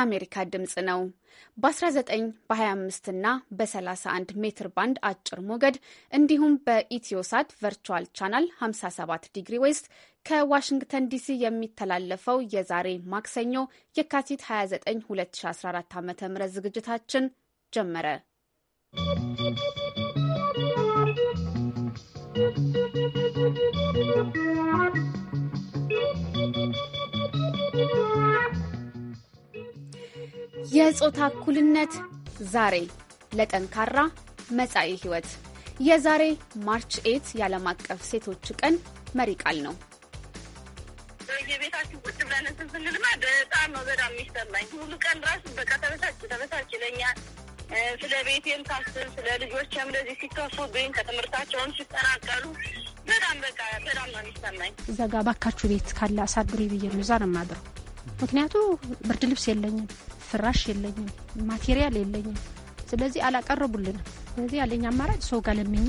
የአሜሪካ ድምፅ ነው። በ19 በ25 እና በ31 ሜትር ባንድ አጭር ሞገድ እንዲሁም በኢትዮሳት ቨርቹዋል ቻናል 57 ዲግሪ ዌስት ከዋሽንግተን ዲሲ የሚተላለፈው የዛሬ ማክሰኞ የካቲት 29 2014 ም ዝግጅታችን ጀመረ። የጾታ እኩልነት ዛሬ ለጠንካራ መጻኢ ህይወት የዛሬ ማርች ኤት የዓለም አቀፍ ሴቶች ቀን መሪ ቃል ነው። የቤታችን ቁጭ ብለን ስንልማ በጣም ነው በጣም የሚሰማኝ ሁሉ ቀን ራሱ በቃ ተበሳጭ ተበሳጭ ይለኛል። ስለ ቤቴም ካስብ ስለ ልጆችም እንደዚህ ሲከፉብኝ ከትምህርታቸውም ሲጠናቀሉ በጣም በቃ በጣም ነው የሚሰማኝ። እዛ ጋ ባካችሁ ቤት ካለ አሳድሩ ብዬ ነው እዛ ነው የማድረው። ምክንያቱ ብርድ ልብስ የለኝም ፍራሽ የለኝም፣ ማቴሪያል የለኝም። ስለዚህ አላቀረቡልንም። ስለዚህ ያለኝ አማራጭ ሰው ጋር ለምኜ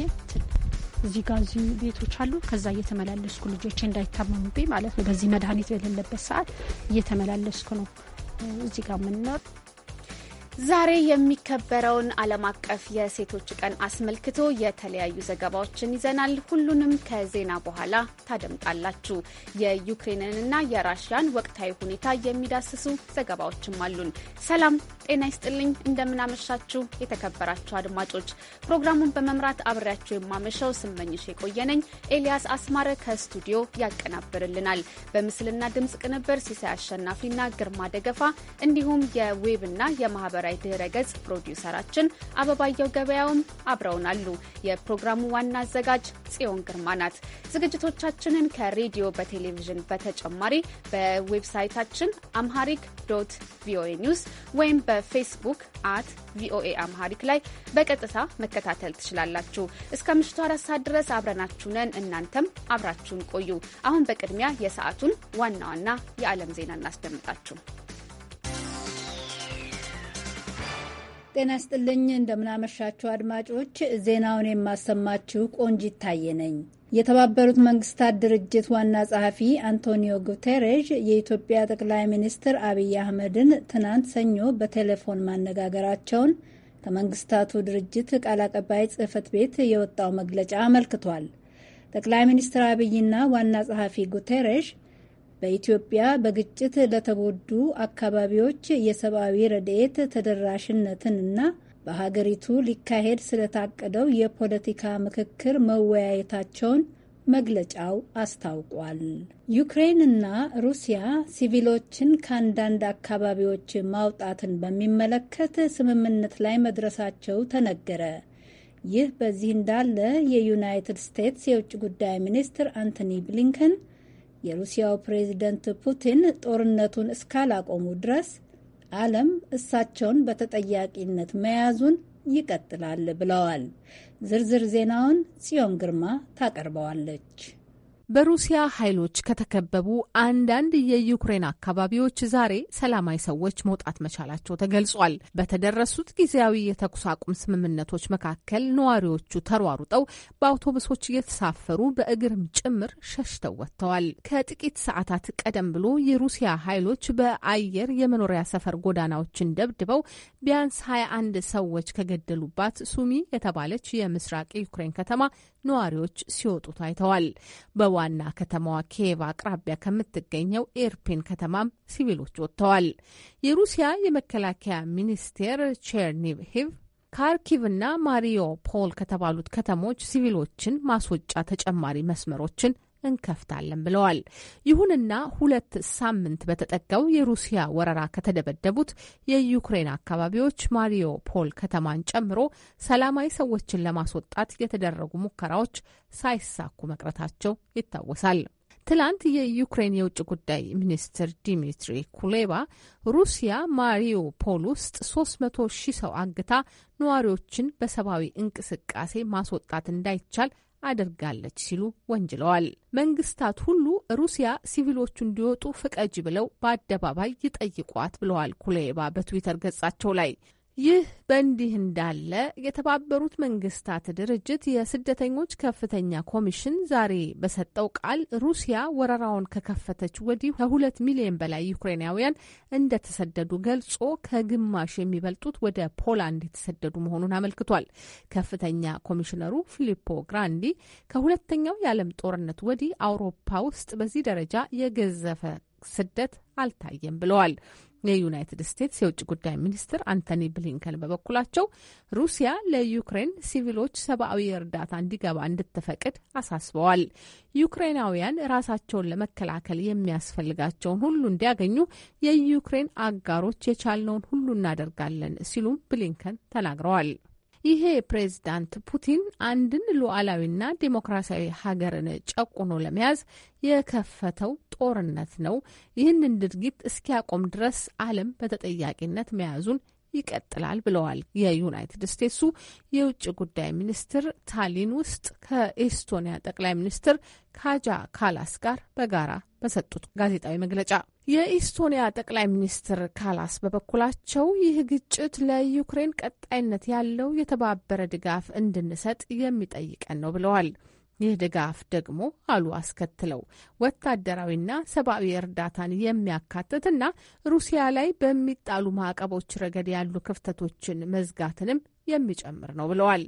እዚህ ጋር እዚሁ ቤቶች አሉ። ከዛ እየተመላለስኩ ልጆቼ እንዳይታመሙብኝ ማለት ነው። በዚህ መድኃኒት በሌለበት ሰዓት እየተመላለስኩ ነው እዚህ ጋር የምንኖር ዛሬ የሚከበረውን ዓለም አቀፍ የሴቶች ቀን አስመልክቶ የተለያዩ ዘገባዎችን ይዘናል። ሁሉንም ከዜና በኋላ ታደምጣላችሁ። የዩክሬንንና የራሽያን ወቅታዊ ሁኔታ የሚዳስሱ ዘገባዎችም አሉን። ሰላም ጤና ይስጥልኝ። እንደምናመሻችሁ የተከበራችሁ አድማጮች፣ ፕሮግራሙን በመምራት አብሬያችሁ የማመሸው ስመኝሽ የቆየነኝ። ኤልያስ አስማረ ከስቱዲዮ ያቀናብርልናል። በምስልና ድምፅ ቅንብር ሲሳይ አሸናፊና ግርማ ደገፋ እንዲሁም የዌብና የማህበራዊ ድህረ ገጽ ፕሮዲውሰራችን አበባየው ገበያውም አብረውናሉ። የፕሮግራሙ ዋና አዘጋጅ ጽዮን ግርማ ናት። ዝግጅቶቻችንን ከሬዲዮ በቴሌቪዥን በተጨማሪ በዌብሳይታችን አምሃሪክ ዶት ቪኦኤ ኒውስ ወይም በ በፌስቡክ አት ቪኦኤ አምሃሪክ ላይ በቀጥታ መከታተል ትችላላችሁ። እስከ ምሽቱ አራት ሰዓት ድረስ አብረናችሁ ነን። እናንተም አብራችሁን ቆዩ። አሁን በቅድሚያ የሰዓቱን ዋና ዋና የዓለም ዜና እናስደምጣችሁ። ጤና ይስጥልኝ። እንደምናመሻችሁ አድማጮች፣ ዜናውን የማሰማችሁ ቆንጂት ታየ ነኝ። የተባበሩት መንግስታት ድርጅት ዋና ጸሐፊ አንቶኒዮ ጉቴሬዥ የኢትዮጵያ ጠቅላይ ሚኒስትር አብይ አህመድን ትናንት ሰኞ በቴሌፎን ማነጋገራቸውን ከመንግስታቱ ድርጅት ቃል አቀባይ ጽህፈት ቤት የወጣው መግለጫ አመልክቷል። ጠቅላይ ሚኒስትር አብይና ዋና ጸሐፊ ጉቴሬሽ በኢትዮጵያ በግጭት ለተጎዱ አካባቢዎች የሰብአዊ ረድኤት ተደራሽነትንና በሀገሪቱ ሊካሄድ ስለታቀደው የፖለቲካ ምክክር መወያየታቸውን መግለጫው አስታውቋል። ዩክሬንና ሩሲያ ሲቪሎችን ከአንዳንድ አካባቢዎች ማውጣትን በሚመለከት ስምምነት ላይ መድረሳቸው ተነገረ። ይህ በዚህ እንዳለ የዩናይትድ ስቴትስ የውጭ ጉዳይ ሚኒስትር አንቶኒ ብሊንከን የሩሲያው ፕሬዚደንት ፑቲን ጦርነቱን እስካላቆሙ ድረስ ዓለም እሳቸውን በተጠያቂነት መያዙን ይቀጥላል ብለዋል። ዝርዝር ዜናውን ጽዮን ግርማ ታቀርበዋለች። በሩሲያ ኃይሎች ከተከበቡ አንዳንድ የዩክሬን አካባቢዎች ዛሬ ሰላማዊ ሰዎች መውጣት መቻላቸው ተገልጿል። በተደረሱት ጊዜያዊ የተኩስ አቁም ስምምነቶች መካከል ነዋሪዎቹ ተሯሩጠው በአውቶቡሶች እየተሳፈሩ በእግርም ጭምር ሸሽተው ወጥተዋል። ከጥቂት ሰዓታት ቀደም ብሎ የሩሲያ ኃይሎች በአየር የመኖሪያ ሰፈር ጎዳናዎችን ደብድበው ቢያንስ 21 ሰዎች ከገደሉባት ሱሚ የተባለች የምስራቅ ዩክሬን ከተማ ነዋሪዎች ሲወጡ ታይተዋል። ዋና ከተማዋ ኪየቭ አቅራቢያ ከምትገኘው ኤርፒን ከተማም ሲቪሎች ወጥተዋል። የሩሲያ የመከላከያ ሚኒስቴር ቼርኒቭ ሂቭ ካርኪቭና ማሪዮፖል ከተባሉት ከተሞች ሲቪሎችን ማስወጫ ተጨማሪ መስመሮችን እንከፍታለን ብለዋል። ይሁንና ሁለት ሳምንት በተጠጋው የሩሲያ ወረራ ከተደበደቡት የዩክሬን አካባቢዎች ማሪዮፖል ከተማን ጨምሮ ሰላማዊ ሰዎችን ለማስወጣት የተደረጉ ሙከራዎች ሳይሳኩ መቅረታቸው ይታወሳል። ትላንት የዩክሬን የውጭ ጉዳይ ሚኒስትር ዲሚትሪ ኩሌባ ሩሲያ ፖል ውስጥ 300 ሺህ ሰው አግታ ነዋሪዎችን በሰብአዊ እንቅስቃሴ ማስወጣት እንዳይቻል አድርጋለች ሲሉ ወንጅለዋል። መንግስታት ሁሉ ሩሲያ ሲቪሎቹ እንዲወጡ ፍቀጅ ብለው በአደባባይ ይጠይቋት ብለዋል ኩሌባ በትዊተር ገጻቸው ላይ ይህ በእንዲህ እንዳለ የተባበሩት መንግስታት ድርጅት የስደተኞች ከፍተኛ ኮሚሽን ዛሬ በሰጠው ቃል ሩሲያ ወረራውን ከከፈተች ወዲህ ከሁለት ሚሊዮን በላይ ዩክሬናውያን እንደተሰደዱ ገልጾ ከግማሽ የሚበልጡት ወደ ፖላንድ የተሰደዱ መሆኑን አመልክቷል። ከፍተኛ ኮሚሽነሩ ፊሊፖ ግራንዲ ከሁለተኛው የዓለም ጦርነት ወዲህ አውሮፓ ውስጥ በዚህ ደረጃ የገዘፈ ስደት አልታየም ብለዋል። የዩናይትድ ስቴትስ የውጭ ጉዳይ ሚኒስትር አንቶኒ ብሊንከን በበኩላቸው ሩሲያ ለዩክሬን ሲቪሎች ሰብአዊ እርዳታ እንዲገባ እንድትፈቅድ አሳስበዋል። ዩክሬናውያን ራሳቸውን ለመከላከል የሚያስፈልጋቸውን ሁሉ እንዲያገኙ የዩክሬን አጋሮች የቻልነውን ሁሉ እናደርጋለን ሲሉም ብሊንከን ተናግረዋል። ይሄ ፕሬዚዳንት ፑቲን አንድን ሉዓላዊና ዴሞክራሲያዊ ሀገርን ጨቁኖ ለመያዝ የከፈተው ጦርነት ነው። ይህንን ድርጊት እስኪያቆም ድረስ ዓለም በተጠያቂነት መያዙን ይቀጥላል ብለዋል። የዩናይትድ ስቴትሱ የውጭ ጉዳይ ሚኒስትር ታሊን ውስጥ ከኤስቶኒያ ጠቅላይ ሚኒስትር ካጃ ካላስ ጋር በጋራ በሰጡት ጋዜጣዊ መግለጫ የኢስቶኒያ ጠቅላይ ሚኒስትር ካላስ በበኩላቸው ይህ ግጭት ለዩክሬን ቀጣይነት ያለው የተባበረ ድጋፍ እንድንሰጥ የሚጠይቀን ነው ብለዋል። ይህ ድጋፍ ደግሞ አሉ አስከትለው ወታደራዊና ሰብአዊ እርዳታን የሚያካትትና ሩሲያ ላይ በሚጣሉ ማዕቀቦች ረገድ ያሉ ክፍተቶችን መዝጋትንም የሚጨምር ነው ብለዋል።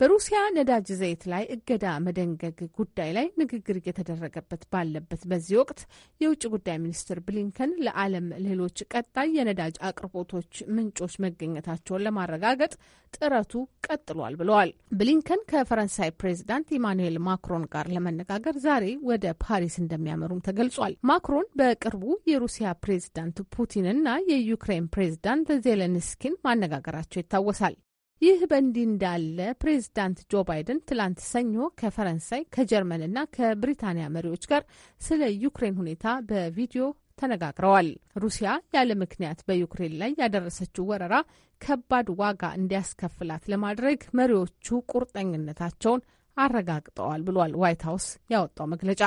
በሩሲያ ነዳጅ ዘይት ላይ እገዳ መደንገግ ጉዳይ ላይ ንግግር እየተደረገበት ባለበት በዚህ ወቅት የውጭ ጉዳይ ሚኒስትር ብሊንከን ለዓለም ሌሎች ቀጣይ የነዳጅ አቅርቦቶች ምንጮች መገኘታቸውን ለማረጋገጥ ጥረቱ ቀጥሏል ብለዋል። ብሊንከን ከፈረንሳይ ፕሬዚዳንት ኢማኑኤል ማክሮን ጋር ለመነጋገር ዛሬ ወደ ፓሪስ እንደሚያመሩም ተገልጿል። ማክሮን በቅርቡ የሩሲያ ፕሬዚዳንት ፑቲን እና የዩክሬን ፕሬዚዳንት ዜሌንስኪን ማነጋገራቸው ይታወሳል። ይህ በእንዲህ እንዳለ ፕሬዚዳንት ጆ ባይደን ትላንት ሰኞ ከፈረንሳይ ከጀርመንና ከብሪታንያ መሪዎች ጋር ስለ ዩክሬን ሁኔታ በቪዲዮ ተነጋግረዋል። ሩሲያ ያለ ምክንያት በዩክሬን ላይ ያደረሰችው ወረራ ከባድ ዋጋ እንዲያስከፍላት ለማድረግ መሪዎቹ ቁርጠኝነታቸውን አረጋግጠዋል ብሏል ዋይት ሀውስ ያወጣው መግለጫ።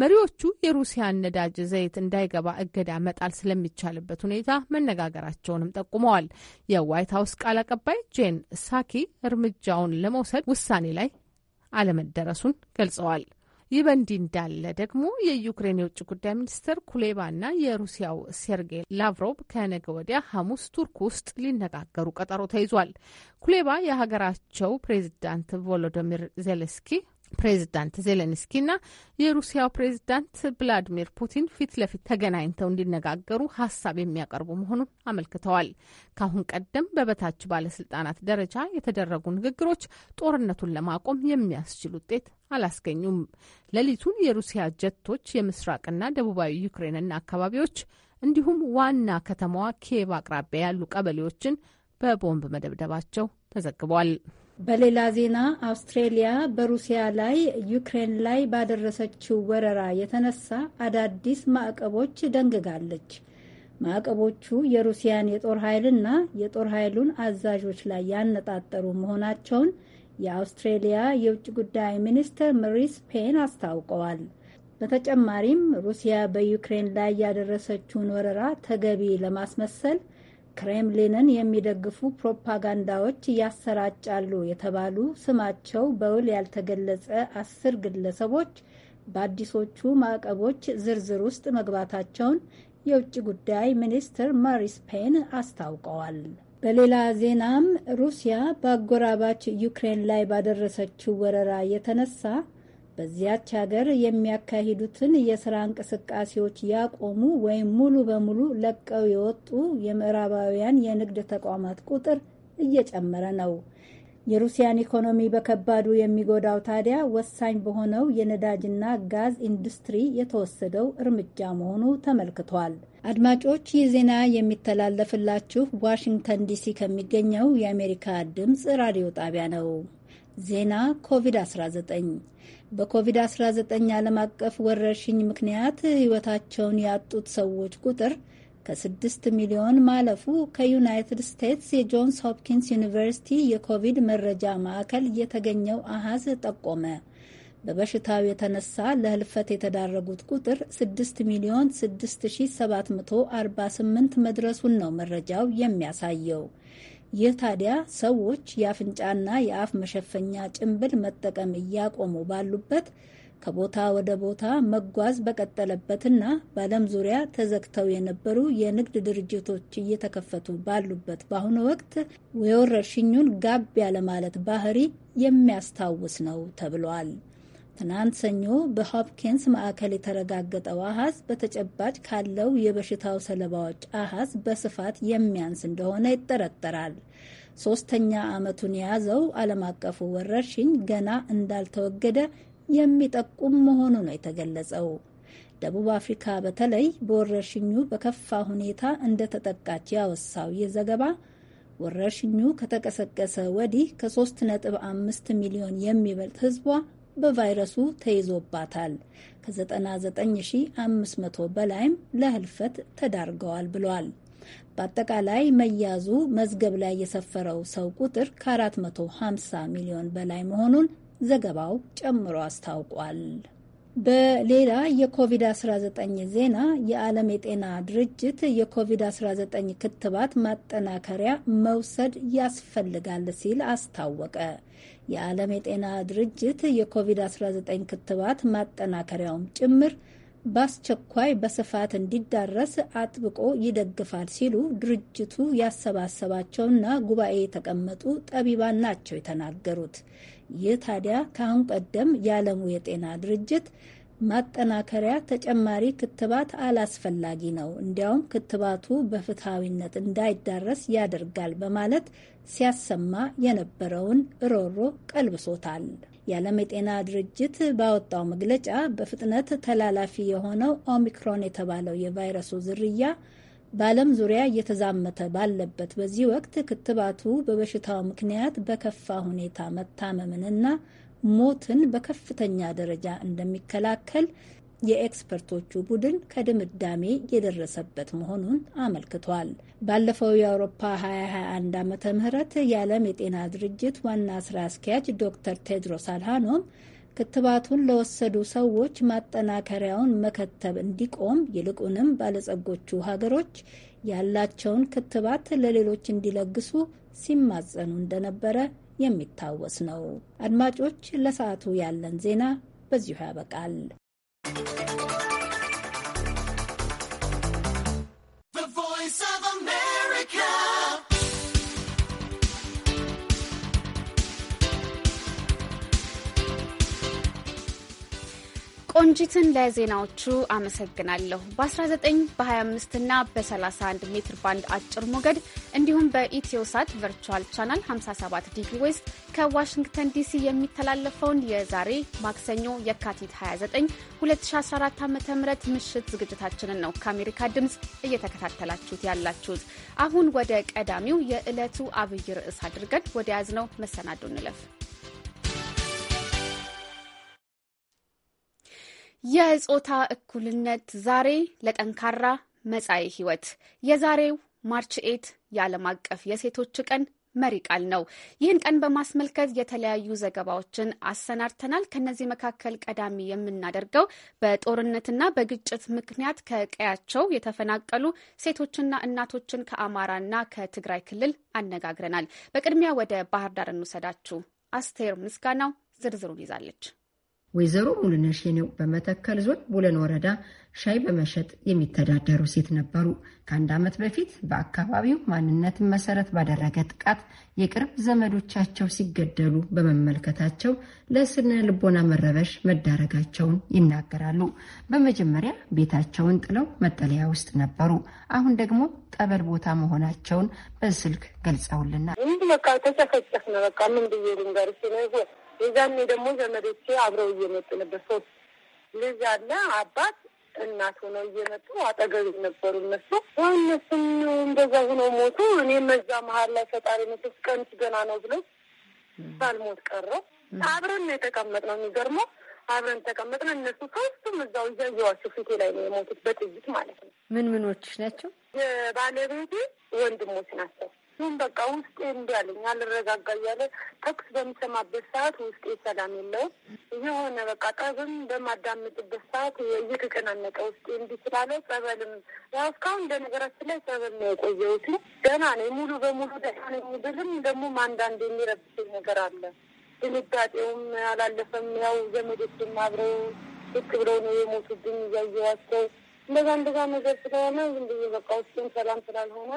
መሪዎቹ የሩሲያን ነዳጅ ዘይት እንዳይገባ እገዳ መጣል ስለሚቻልበት ሁኔታ መነጋገራቸውንም ጠቁመዋል። የዋይት ሀውስ ቃል አቀባይ ጄን ሳኪ እርምጃውን ለመውሰድ ውሳኔ ላይ አለመደረሱን ገልጸዋል። ይህ በእንዲህ እንዳለ ደግሞ የዩክሬን የውጭ ጉዳይ ሚኒስትር ኩሌባና የሩሲያው ሴርጌይ ላቭሮቭ ከነገ ወዲያ ሐሙስ ቱርክ ውስጥ ሊነጋገሩ ቀጠሮ ተይዟል። ኩሌባ የሀገራቸው ፕሬዚዳንት ቮሎዶሚር ዜሌንስኪ ፕሬዚዳንት ዜሌንስኪና የሩሲያው ፕሬዚዳንት ቭላዲሚር ፑቲን ፊት ለፊት ተገናኝተው እንዲነጋገሩ ሀሳብ የሚያቀርቡ መሆኑን አመልክተዋል። ከአሁን ቀደም በበታች ባለስልጣናት ደረጃ የተደረጉ ንግግሮች ጦርነቱን ለማቆም የሚያስችል ውጤት አላስገኙም። ሌሊቱን የሩሲያ ጀቶች የምስራቅና ደቡባዊ ዩክሬንን አካባቢዎች እንዲሁም ዋና ከተማዋ ኪየቭ አቅራቢያ ያሉ ቀበሌዎችን በቦምብ መደብደባቸው ተዘግቧል። በሌላ ዜና አውስትሬሊያ በሩሲያ ላይ ዩክሬን ላይ ባደረሰችው ወረራ የተነሳ አዳዲስ ማዕቀቦች ደንግጋለች። ማዕቀቦቹ የሩሲያን የጦር ኃይልና የጦር ኃይሉን አዛዦች ላይ ያነጣጠሩ መሆናቸውን የአውስትሬሊያ የውጭ ጉዳይ ሚኒስትር መሪስ ፔን አስታውቀዋል። በተጨማሪም ሩሲያ በዩክሬን ላይ ያደረሰችውን ወረራ ተገቢ ለማስመሰል ክሬምሊንን የሚደግፉ ፕሮፓጋንዳዎች ያሰራጫሉ የተባሉ ስማቸው በውል ያልተገለጸ አስር ግለሰቦች በአዲሶቹ ማዕቀቦች ዝርዝር ውስጥ መግባታቸውን የውጭ ጉዳይ ሚኒስትር ማሪስ ፔን አስታውቀዋል። በሌላ ዜናም ሩሲያ በአጎራባች ዩክሬን ላይ ባደረሰችው ወረራ የተነሳ በዚያች ሀገር የሚያካሂዱትን የስራ እንቅስቃሴዎች ያቆሙ ወይም ሙሉ በሙሉ ለቀው የወጡ የምዕራባውያን የንግድ ተቋማት ቁጥር እየጨመረ ነው። የሩሲያን ኢኮኖሚ በከባዱ የሚጎዳው ታዲያ ወሳኝ በሆነው የነዳጅና ጋዝ ኢንዱስትሪ የተወሰደው እርምጃ መሆኑ ተመልክቷል። አድማጮች ይህ ዜና የሚተላለፍላችሁ ዋሽንግተን ዲሲ ከሚገኘው የአሜሪካ ድምፅ ራዲዮ ጣቢያ ነው። ዜና ኮቪድ-19 በኮቪድ-19 ዓለም አቀፍ ወረርሽኝ ምክንያት ሕይወታቸውን ያጡት ሰዎች ቁጥር ከስድስት ሚሊዮን ማለፉ ከዩናይትድ ስቴትስ የጆንስ ሆፕኪንስ ዩኒቨርሲቲ የኮቪድ መረጃ ማዕከል የተገኘው አሃዝ ጠቆመ። በበሽታው የተነሳ ለህልፈት የተዳረጉት ቁጥር 6 ሚሊዮን 6748 መድረሱን ነው መረጃው የሚያሳየው። ይህ ታዲያ ሰዎች የአፍንጫና የአፍ መሸፈኛ ጭንብል መጠቀም እያቆሙ ባሉበት ከቦታ ወደ ቦታ መጓዝ በቀጠለበትና በዓለም ዙሪያ ተዘግተው የነበሩ የንግድ ድርጅቶች እየተከፈቱ ባሉበት በአሁኑ ወቅት የወረርሽኙን ጋብ ያለማለት ባህሪ የሚያስታውስ ነው ተብሏል። ትናንት ሰኞ በሆፕኪንስ ማዕከል የተረጋገጠው አሃዝ በተጨባጭ ካለው የበሽታው ሰለባዎች አሃዝ በስፋት የሚያንስ እንደሆነ ይጠረጠራል። ሶስተኛ ዓመቱን የያዘው ዓለም አቀፉ ወረርሽኝ ገና እንዳልተወገደ የሚጠቁም መሆኑ ነው የተገለጸው። ደቡብ አፍሪካ በተለይ በወረርሽኙ በከፋ ሁኔታ እንደተጠቃች ያወሳው ይህ ዘገባ ወረርሽኙ ከተቀሰቀሰ ወዲህ ከ3.5 ሚሊዮን የሚበልጥ ህዝቧ በቫይረሱ ተይዞባታል። ከ99500 በላይም ለህልፈት ተዳርገዋል ብሏል። በአጠቃላይ መያዙ መዝገብ ላይ የሰፈረው ሰው ቁጥር ከ450 ሚሊዮን በላይ መሆኑን ዘገባው ጨምሮ አስታውቋል። በሌላ የኮቪድ-19 ዜና የዓለም የጤና ድርጅት የኮቪድ-19 ክትባት ማጠናከሪያ መውሰድ ያስፈልጋል ሲል አስታወቀ። የዓለም የጤና ድርጅት የኮቪድ-19 ክትባት ማጠናከሪያውም ጭምር በአስቸኳይ በስፋት እንዲዳረስ አጥብቆ ይደግፋል ሲሉ ድርጅቱ ያሰባሰባቸውና ጉባኤ የተቀመጡ ጠቢባን ናቸው የተናገሩት። ይህ ታዲያ ከአሁን ቀደም የዓለሙ የጤና ድርጅት ማጠናከሪያ ተጨማሪ ክትባት አላስፈላጊ ነው፣ እንዲያውም ክትባቱ በፍትሐዊነት እንዳይዳረስ ያደርጋል በማለት ሲያሰማ የነበረውን ሮሮ ቀልብሶታል። የዓለም የጤና ድርጅት ባወጣው መግለጫ በፍጥነት ተላላፊ የሆነው ኦሚክሮን የተባለው የቫይረሱ ዝርያ በዓለም ዙሪያ እየተዛመተ ባለበት በዚህ ወቅት ክትባቱ በበሽታው ምክንያት በከፋ ሁኔታ መታመምንና ሞትን በከፍተኛ ደረጃ እንደሚከላከል የኤክስፐርቶቹ ቡድን ከድምዳሜ የደረሰበት መሆኑን አመልክቷል። ባለፈው የአውሮፓ 2021 ዓመተ ምህረት የዓለም የጤና ድርጅት ዋና ስራ አስኪያጅ ዶክተር ቴድሮስ አድሃኖም ክትባቱን ለወሰዱ ሰዎች ማጠናከሪያውን መከተብ እንዲቆም ይልቁንም ባለጸጎቹ ሀገሮች ያላቸውን ክትባት ለሌሎች እንዲለግሱ ሲማጸኑ እንደነበረ የሚታወስ ነው። አድማጮች፣ ለሰዓቱ ያለን ዜና በዚሁ ያበቃል። ቮይስ ኦፍ አሜሪካ ቆንጂትን ለዜናዎቹ አመሰግናለሁ። በ19 በ25 እና በ31 ሜትር ባንድ አጭር ሞገድ እንዲሁም በኢትዮሳት ቨርቹዋል ቻናል 57 ዲግሪ ዌስት ከዋሽንግተን ዲሲ የሚተላለፈውን የዛሬ ማክሰኞ የካቲት 29 2014 ዓ ም ምሽት ዝግጅታችንን ነው ከአሜሪካ ድምፅ እየተከታተላችሁት ያላችሁት። አሁን ወደ ቀዳሚው የዕለቱ አብይ ርዕስ አድርገን ወደ ያዝነው መሰናዶ እንለፍ። የጾታ እኩልነት ዛሬ ለጠንካራ መጻኢ ህይወት የዛሬው ማርች ኤት የዓለም አቀፍ የሴቶች ቀን መሪ ቃል ነው። ይህን ቀን በማስመልከት የተለያዩ ዘገባዎችን አሰናድተናል። ከነዚህ መካከል ቀዳሚ የምናደርገው በጦርነትና በግጭት ምክንያት ከቀያቸው የተፈናቀሉ ሴቶችና እናቶችን ከአማራና ከትግራይ ክልል አነጋግረናል። በቅድሚያ ወደ ባህር ዳር እንውሰዳችሁ። አስቴር ምስጋናው ዝርዝሩን ይዛለች። ወይዘሮ ሙሉነሽ የኔው በመተከል ዞን ቡለን ወረዳ ሻይ በመሸጥ የሚተዳደሩ ሴት ነበሩ። ከአንድ ዓመት በፊት በአካባቢው ማንነትን መሰረት ባደረገ ጥቃት የቅርብ ዘመዶቻቸው ሲገደሉ በመመልከታቸው ለስነ ልቦና መረበሽ መዳረጋቸውን ይናገራሉ። በመጀመሪያ ቤታቸውን ጥለው መጠለያ ውስጥ ነበሩ። አሁን ደግሞ ጠበል ቦታ መሆናቸውን በስልክ ገልጸውልናል። በቃ ተጨፈጨፍን። በቃ ምን ብዬ ልንገርሽ ነው የዛኔ ደግሞ ዘመዶቼ አብረው እየመጡ ነበር። ሶስት ልጅ አለ አባት እናት ሆነው እየመጡ አጠገብ ነበሩ። እነሱ እነሱም እንደዛ ሆኖ ሞቱ። እኔም እዛ መሀል ላይ ፈጣሪ መስስ ቀንች ገና ነው ብለው ሳልሞት ቀረው። አብረን ነው የተቀመጥነው። የሚገርመው አብረን ተቀመጥነ። እነሱ ሶስቱም እዛው እያየዋቸው ፊቴ ላይ ነው የሞቱት በጥይት ማለት ነው። ምን ምኖች ናቸው? የባለቤቴ ወንድሞች ናቸው። እሱም በቃ ውስጤ እንዲያለኝ አልረጋጋ እያለ ተኩስ በሚሰማበት ሰዓት ውስጤ ሰላም የለውም። የሆነ በቃ ጠብም በማዳምጥበት ሰዓት እየተጨናነቀ ውስጤ እንዲችላለ ጸበልም ያው እስካሁን እንደ ነገራችን ላይ ጸበል ነው የቆየሁት። ደህና ነኝ፣ ሙሉ በሙሉ ደህና ነኝ ብልም ደግሞ አንዳንድ የሚረብሽኝ ነገር አለ። ድንጋጤውም አላለፈም። ያው ዘመዶችም አብረው ልክ ብለው ነው የሞቱብኝ እያየኋቸው እንደዛ እንደዛ ነገር ስለሆነ ዝም ብዬ በቃ ውስጤም ሰላም ስላልሆነ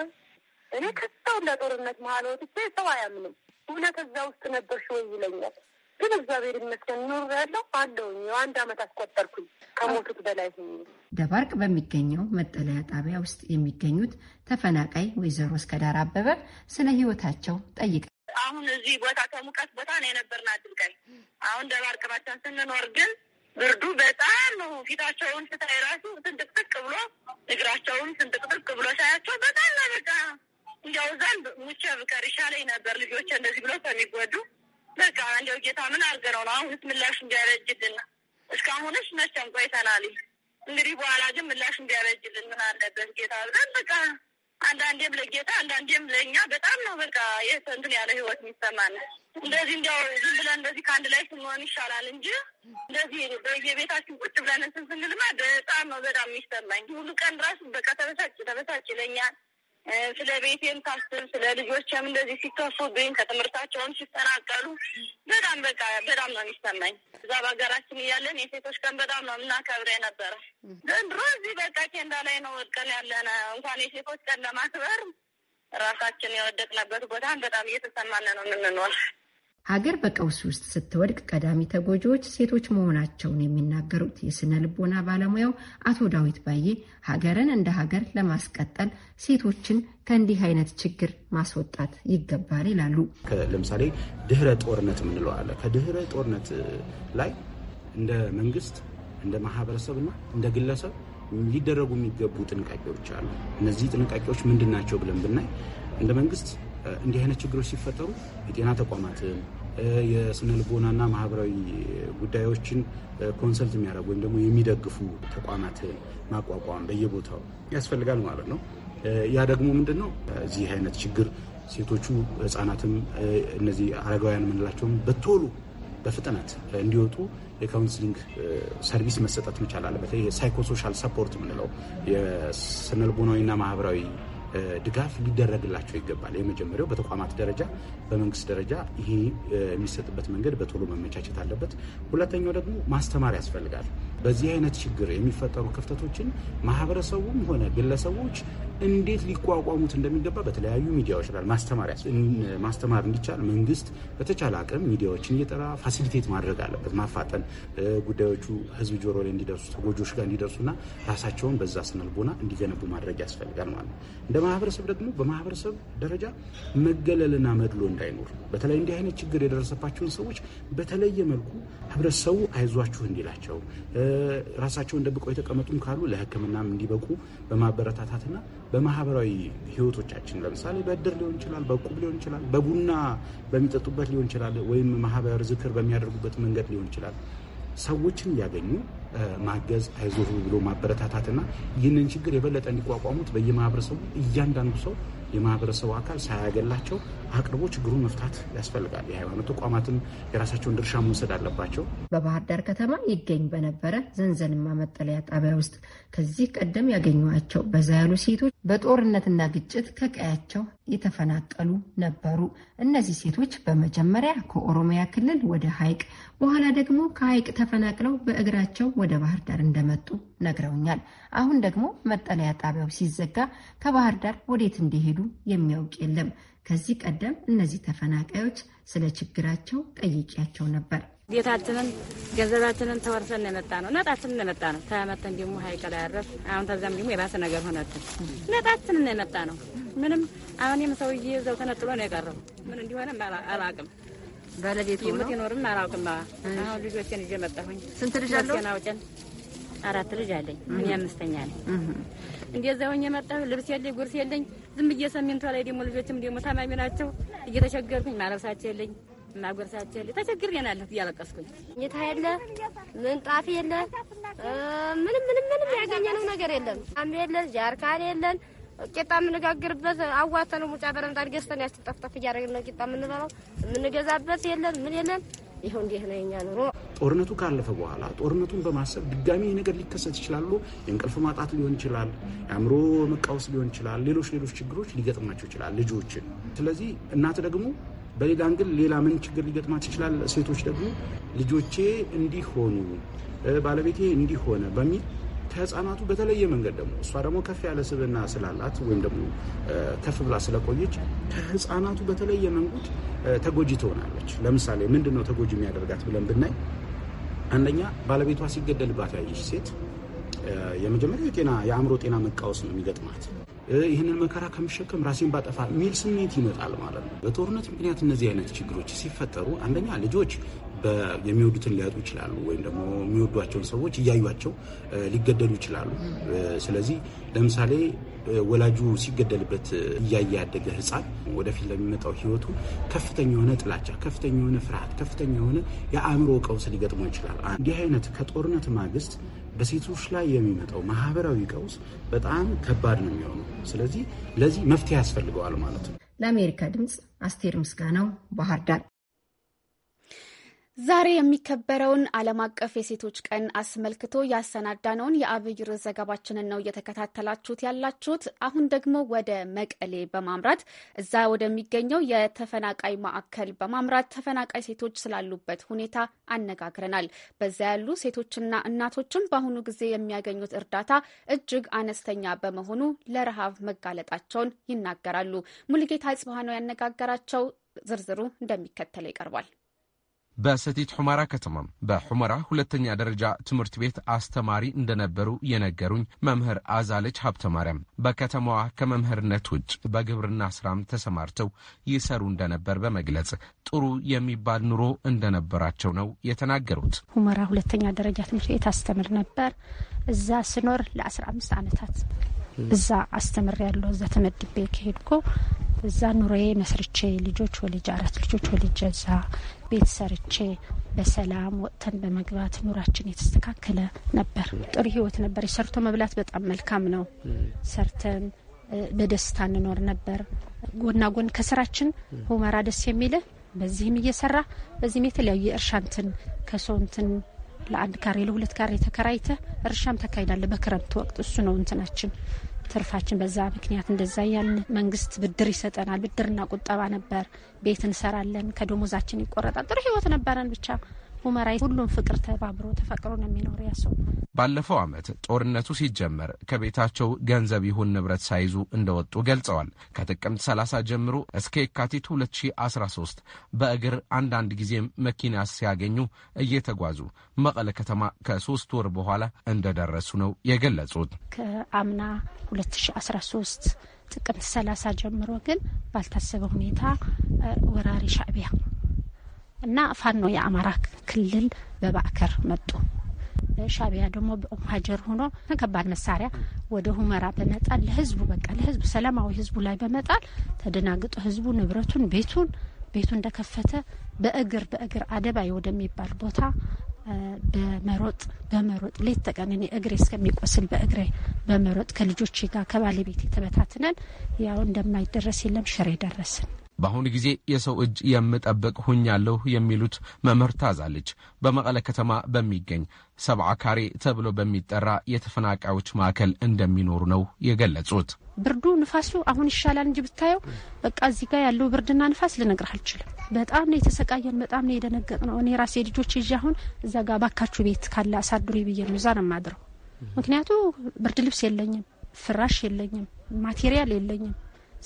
እኔ ከዛው እንደ ጦርነት መሀል ወጥቼ ሰው አያምንም። እውነት እዛ ውስጥ ነበርሽ ወይ ይለኛል። ግን እግዚአብሔር ይመስገን ኖር ያለው አለውኝ የአንድ አመት አስቆጠርኩኝ ከሞቱት በላይ ሆኜ። ደባርቅ በሚገኘው መጠለያ ጣቢያ ውስጥ የሚገኙት ተፈናቃይ ወይዘሮ እስከዳር አበበ ስለ ህይወታቸው ጠይቀ አሁን እዚህ ቦታ ከሙቀት ቦታ ነው የነበርን አድርጋኝ አሁን ደባርቅ ባቻን ስንኖር ግን ብርዱ በጣም ነው። ፊታቸውን ስታይ ራሱ ስንጥቅጥቅ ብሎ እግራቸውን ስንጥቅጥቅ ብሎ ሳያቸው በጣም ነው በቃ እንዲያው ዘንድ ሙቼ ብቀር ይሻለኝ ነበር። ልጆች እንደዚህ ብሎ ከሚጎዱ በቃ እንዲያው ጌታ ምን አድርገነው ነው አሁንስ ምላሽ እንዲያበጅልን። እስካሁንስ መቼም ቆይተናል። እንግዲህ በኋላ ግን ምላሽ እንዲያበጅልን ምን አለበት ጌታ ብለን በቃ አንዳንዴም ለጌታ አንዳንዴም ለእኛ በጣም ነው በቃ የሰንትን ያለ ህይወት የሚሰማን እንደዚህ እንዲያው ዝም ብለን እንደዚህ ከአንድ ላይ ስንሆን ይሻላል እንጂ እንደዚህ በየቤታችን ቁጭ ብለን እንትን ስንልማ በጣም ነው በጣም የሚሰማኝ ሁሉ ቀን ራሱ በቃ ተበሳጭ ተበሳጭ ይለኛል። ስለ ቤቴም ካስብ ስለ ልጆችም እንደዚህ ሲከፉብኝ ከትምህርታቸውም ሲፈናቀሉ በጣም በቃ በጣም ነው የሚሰማኝ። እዛ በሀገራችን እያለን የሴቶች ቀን በጣም ነው የምናከብረ የነበረ። ዘንድሮ እዚህ በቃ ኬንዳ ላይ ነው ወድቀን ያለነ። እንኳን የሴቶች ቀን ለማክበር ራሳችን የወደቅነበት ቦታን በጣም እየተሰማነ ነው የምንኖር። ሀገር በቀውስ ውስጥ ስትወድቅ ቀዳሚ ተጎጂዎች ሴቶች መሆናቸውን የሚናገሩት የስነ ልቦና ባለሙያው አቶ ዳዊት ባዬ ሀገርን እንደ ሀገር ለማስቀጠል ሴቶችን ከእንዲህ አይነት ችግር ማስወጣት ይገባል ይላሉ። ለምሳሌ ድህረ ጦርነት የምንለው ከድህረ ጦርነት ላይ እንደ መንግስት፣ እንደ ማህበረሰብ እና እንደ ግለሰብ ሊደረጉ የሚገቡ ጥንቃቄዎች አሉ። እነዚህ ጥንቃቄዎች ምንድን ናቸው ብለን ብናይ እንደ መንግስት እንዲህ አይነት ችግሮች ሲፈጠሩ የጤና ተቋማትን የስነ ልቦናና ማህበራዊ ጉዳዮችን ኮንሰልት የሚያደርጉ ወይም ደግሞ የሚደግፉ ተቋማትን ማቋቋም በየቦታው ያስፈልጋል ማለት ነው። ያ ደግሞ ምንድን ነው እዚህ አይነት ችግር ሴቶቹ፣ ህጻናትም እነዚህ አረጋውያን የምንላቸውም በቶሎ በፍጥነት እንዲወጡ የካውንስሊንግ ሰርቪስ መሰጠት መቻል አለበት። ሳይኮሶሻል ሰፖርት የምንለው የስነልቦናዊና ማህበራዊ ድጋፍ ሊደረግላቸው ይገባል። የመጀመሪያው በተቋማት ደረጃ በመንግስት ደረጃ ይሄ የሚሰጥበት መንገድ በቶሎ መመቻቸት አለበት። ሁለተኛው ደግሞ ማስተማር ያስፈልጋል። በዚህ አይነት ችግር የሚፈጠሩ ክፍተቶችን ማህበረሰቡም ሆነ ግለሰቦች እንዴት ሊቋቋሙት እንደሚገባ በተለያዩ ሚዲያዎች ላይ ማስተማር እንዲቻል መንግስት በተቻለ አቅም ሚዲያዎችን እየጠራ ፋሲሊቴት ማድረግ አለበት። ማፋጠን ጉዳዮቹ ህዝብ ጆሮ ላይ እንዲደርሱ ተጎጆች ጋር እንዲደርሱና ራሳቸውን በዛ ስነልቦና እንዲገነቡ ማድረግ ያስፈልጋል ማለት ነው። ማህበረሰብ ደግሞ በማህበረሰብ ደረጃ መገለልና መድሎ እንዳይኖር በተለይ እንዲህ አይነት ችግር የደረሰባቸውን ሰዎች በተለየ መልኩ ህብረተሰቡ አይዟችሁ እንዲላቸው ራሳቸውን ደብቀው የተቀመጡም ካሉ ለሕክምናም እንዲበቁ በማበረታታትና በማህበራዊ ህይወቶቻችን ለምሳሌ በእድር ሊሆን ይችላል፣ በቁብ ሊሆን ይችላል፣ በቡና በሚጠጡበት ሊሆን ይችላል፣ ወይም ማህበር ዝክር በሚያደርጉበት መንገድ ሊሆን ይችላል ሰዎችን እያገኙ ማገዝ አይዞህ ብሎ ማበረታታትና ይህንን ችግር የበለጠ እንዲቋቋሙት በየማህበረሰቡ እያንዳንዱ ሰው የማህበረሰቡ አካል ሳያገላቸው አቅርቦ ችግሩን መፍታት ያስፈልጋል። የሃይማኖት ተቋማትም የራሳቸውን ድርሻ መውሰድ አለባቸው። በባህር ዳር ከተማ ይገኝ በነበረ ዘንዘንማ መጠለያ ጣቢያ ውስጥ ከዚህ ቀደም ያገኟቸው በዛ ያሉ ሴቶች በጦርነትና ግጭት ከቀያቸው የተፈናቀሉ ነበሩ። እነዚህ ሴቶች በመጀመሪያ ከኦሮሚያ ክልል ወደ ሐይቅ በኋላ ደግሞ ከሐይቅ ተፈናቅለው በእግራቸው ወደ ባህር ዳር እንደመጡ ነግረውኛል። አሁን ደግሞ መጠለያ ጣቢያው ሲዘጋ ከባህር ዳር ወዴት እንደሄዱ የሚያውቅ የለም። ከዚህ ቀደም እነዚህ ተፈናቃዮች ስለ ችግራቸው ጠይቂያቸው ነበር። ቤታችንን ገንዘባችንን ተወርሰን የመጣ ነው። ነጣችንን የመጣ ነው። ተመተን ደግሞ ሀይቅ ላይ ያረፍ አሁን ተዛም ደግሞ የባሰ ነገር ሆነብን። ነጣችንን የመጣ ነው። ምንም አሁንም ሰውዬ እዛው ተነጥሎ ነው የቀረው። ምን እንዲሆነ አላውቅም። ባለቤት ነው ይኖርም አላውቅም። አሁን ልጆችን ይዤ መጣሁኝ። ስንት ልጅ አለው? አራት ልጅ አለኝ። እኔ አምስተኛ ነኝ። እንደዛውኝ የመጣሁ ልብስ የለኝ ጉርስ የለኝ ዝም ብዬ ላይ ደግሞ ልጆችም ደግሞ ታማሚ ናቸው። እየተቸገርኩኝ ማለብሳቸው የለኝ ማጎርሳቸው የለኝ ተቸግሬ ናለሁ እያለቀስኩኝ እኝታ የለ ምንጣፍ የለ ምንም ምንም ምንም ያገኘነው ነገር የለም። ም የለ ጃርካን የለን ቂጣ የምንጋግርበት አዋተነው ሙጫ በረምጣድ ገዝተን ያስጠፍጠፍ እያደረግን ነው ቂጣ የምንበላው የምንገዛበት የለን ምን የለን ይኸው እንዲህ ነው የኛ ኑሮ። ጦርነቱ ካለፈ በኋላ ጦርነቱን በማሰብ ድጋሚ ነገር ሊከሰት ይችላሉ። የእንቅልፍ ማጣት ሊሆን ይችላል፣ የአእምሮ መቃወስ ሊሆን ይችላል፣ ሌሎች ሌሎች ችግሮች ሊገጥማቸው ይችላል ልጆችን። ስለዚህ እናት ደግሞ በሌላ እንግል ሌላ ምን ችግር ሊገጥማት ይችላል። ሴቶች ደግሞ ልጆቼ እንዲሆኑ ባለቤቴ እንዲሆነ በሚል ከህፃናቱ በተለየ መንገድ ደግሞ እሷ ደግሞ ከፍ ያለ ስብና ስላላት ወይም ደግሞ ከፍ ብላ ስለቆየች ከህፃናቱ በተለየ መንገድ ተጎጂ ትሆናለች። ለምሳሌ ምንድን ነው ተጎጂ የሚያደርጋት ብለን ብናይ አንደኛ ባለቤቷ ሲገደልባት ያየች ሴት የመጀመሪያው የጤና የአእምሮ ጤና መቃወስ ነው የሚገጥማት። ይህንን መከራ ከምሸከም ራሴን ባጠፋ የሚል ስሜት ይመጣል ማለት ነው። በጦርነት ምክንያት እነዚህ አይነት ችግሮች ሲፈጠሩ አንደኛ ልጆች የሚወዱትን ሊያጡ ይችላሉ፣ ወይም ደግሞ የሚወዷቸውን ሰዎች እያዩቸው ሊገደሉ ይችላሉ። ስለዚህ ለምሳሌ ወላጁ ሲገደልበት እያየ ያደገ ሕፃን ወደፊት ለሚመጣው ህይወቱ ከፍተኛ የሆነ ጥላቻ፣ ከፍተኛ የሆነ ፍርሃት፣ ከፍተኛ የሆነ የአእምሮ ቀውስ ሊገጥሞ ይችላል። እንዲህ አይነት ከጦርነት ማግስት በሴቶች ላይ የሚመጣው ማህበራዊ ቀውስ በጣም ከባድ ነው የሚሆኑ። ስለዚህ ለዚህ መፍትሄ ያስፈልገዋል ማለት ነው። ለአሜሪካ ድምፅ አስቴር ምስጋናው ባህር ዳር። ዛሬ የሚከበረውን ዓለም አቀፍ የሴቶች ቀን አስመልክቶ ያሰናዳነውን የአብይ ርዕስ ዘገባችንን ነው እየተከታተላችሁት ያላችሁት። አሁን ደግሞ ወደ መቀሌ በማምራት እዛ ወደሚገኘው የተፈናቃይ ማዕከል በማምራት ተፈናቃይ ሴቶች ስላሉበት ሁኔታ አነጋግረናል። በዛ ያሉ ሴቶችና እናቶችም በአሁኑ ጊዜ የሚያገኙት እርዳታ እጅግ አነስተኛ በመሆኑ ለረሃብ መጋለጣቸውን ይናገራሉ። ሙልጌታ ጽባህ ነው ያነጋገራቸው። ዝርዝሩ እንደሚከተለው ይቀርባል። በሰቲት ሁመራ ከተማ በሁመራ ሁለተኛ ደረጃ ትምህርት ቤት አስተማሪ እንደነበሩ የነገሩኝ መምህር አዛለች ሀብተ ማርያም በከተማዋ ከመምህርነት ውጭ በግብርና ስራም ተሰማርተው ይሰሩ እንደነበር በመግለጽ ጥሩ የሚባል ኑሮ እንደነበራቸው ነው የተናገሩት። ሁመራ ሁለተኛ ደረጃ ትምህርት ቤት አስተምር ነበር። እዛ ስኖር ለ አምስት ዓመታት እዛ አስተምር ያለው እዛ ተመድቤ ከሄድኩ እዛ ኑሮዬ መስርቼ ልጆች ወልጅ አራት ልጆች ወልጅ እዛ ቤት ሰርቼ በሰላም ወጥተን በመግባት ኑራችን የተስተካከለ ነበር። ጥሩ ህይወት ነበር። የሰርቶ መብላት በጣም መልካም ነው። ሰርተን በደስታ እንኖር ነበር። ጎና ጎን ከስራችን ሁመራ ደስ የሚልህ በዚህም እየሰራ በዚህም የተለያዩ የእርሻንትን ከሰውንትን ለአንድ ካሬ ለሁለት ካሬ ተከራይተ እርሻም ተካሂዳለ። በክረምት ወቅት እሱ ነው እንትናችን ትርፋችን በዛ ምክንያት እንደዛ እያልን መንግስት ብድር ይሰጠናል። ብድርና ቁጠባ ነበር። ቤት እንሰራለን፣ ከደሞዛችን ይቆረጣል። ጥሩ ህይወት ነበረን ብቻ ሁመራ ሁሉም ፍቅር ተባብሮ ተፈቅሮ ነው የሚኖሩ ያሰው። ባለፈው ዓመት ጦርነቱ ሲጀመር ከቤታቸው ገንዘብ ይሁን ንብረት ሳይዙ እንደወጡ ገልጸዋል። ከጥቅምት 30 ጀምሮ እስከ የካቲት 2013 በእግር አንዳንድ ጊዜም መኪና ሲያገኙ እየተጓዙ መቀለ ከተማ ከሶስት ወር በኋላ እንደደረሱ ነው የገለጹት። ከአምና 2013 ጥቅምት 30 ጀምሮ ግን ባልታሰበ ሁኔታ ወራሪ ሻዕቢያ እና ፋኖ የአማራ ክልል በባእከር መጡ። ሻቢያ ደግሞ በኦም ሀጀር ሆኖ ከባድ መሳሪያ ወደ ሁመራ በመጣል ለህዝቡ በቃ ለህዝቡ ሰላማዊ ህዝቡ ላይ በመጣል ተደናግጦ ህዝቡ ንብረቱን ቤቱን ቤቱ እንደከፈተ በእግር በእግር አደባይ ወደሚባል ቦታ በመሮጥ በመሮጥ ሌት ተቀን እኔ እግሬ እስከሚቆስል በእግሬ በመሮጥ ከልጆቼ ጋር ከባለቤት ተበታትነን ያው እንደማይደረስ የለም ሽሬ ደረስን። በአሁኑ ጊዜ የሰው እጅ የምጠብቅ ሁኛለሁ የሚሉት መምህር ታዛለች በመቀለ ከተማ በሚገኝ ሰብዓ ካሬ ተብሎ በሚጠራ የተፈናቃዮች ማዕከል እንደሚኖሩ ነው የገለጹት። ብርዱ ንፋሱ አሁን ይሻላል እንጂ ብታየው በቃ እዚህ ጋር ያለው ብርድና ንፋስ ልነግር አልችልም። በጣም ነው የተሰቃየን፣ በጣም ነው የደነገጥ ነው። እኔ ራሴ ልጆች ይዤ አሁን እዛ ጋር ባካችሁ ቤት ካለ አሳድሩ ብዬ ነው እዛ ነው የማድረው። ምክንያቱ ብርድ ልብስ የለኝም፣ ፍራሽ የለኝም፣ ማቴሪያል የለኝም።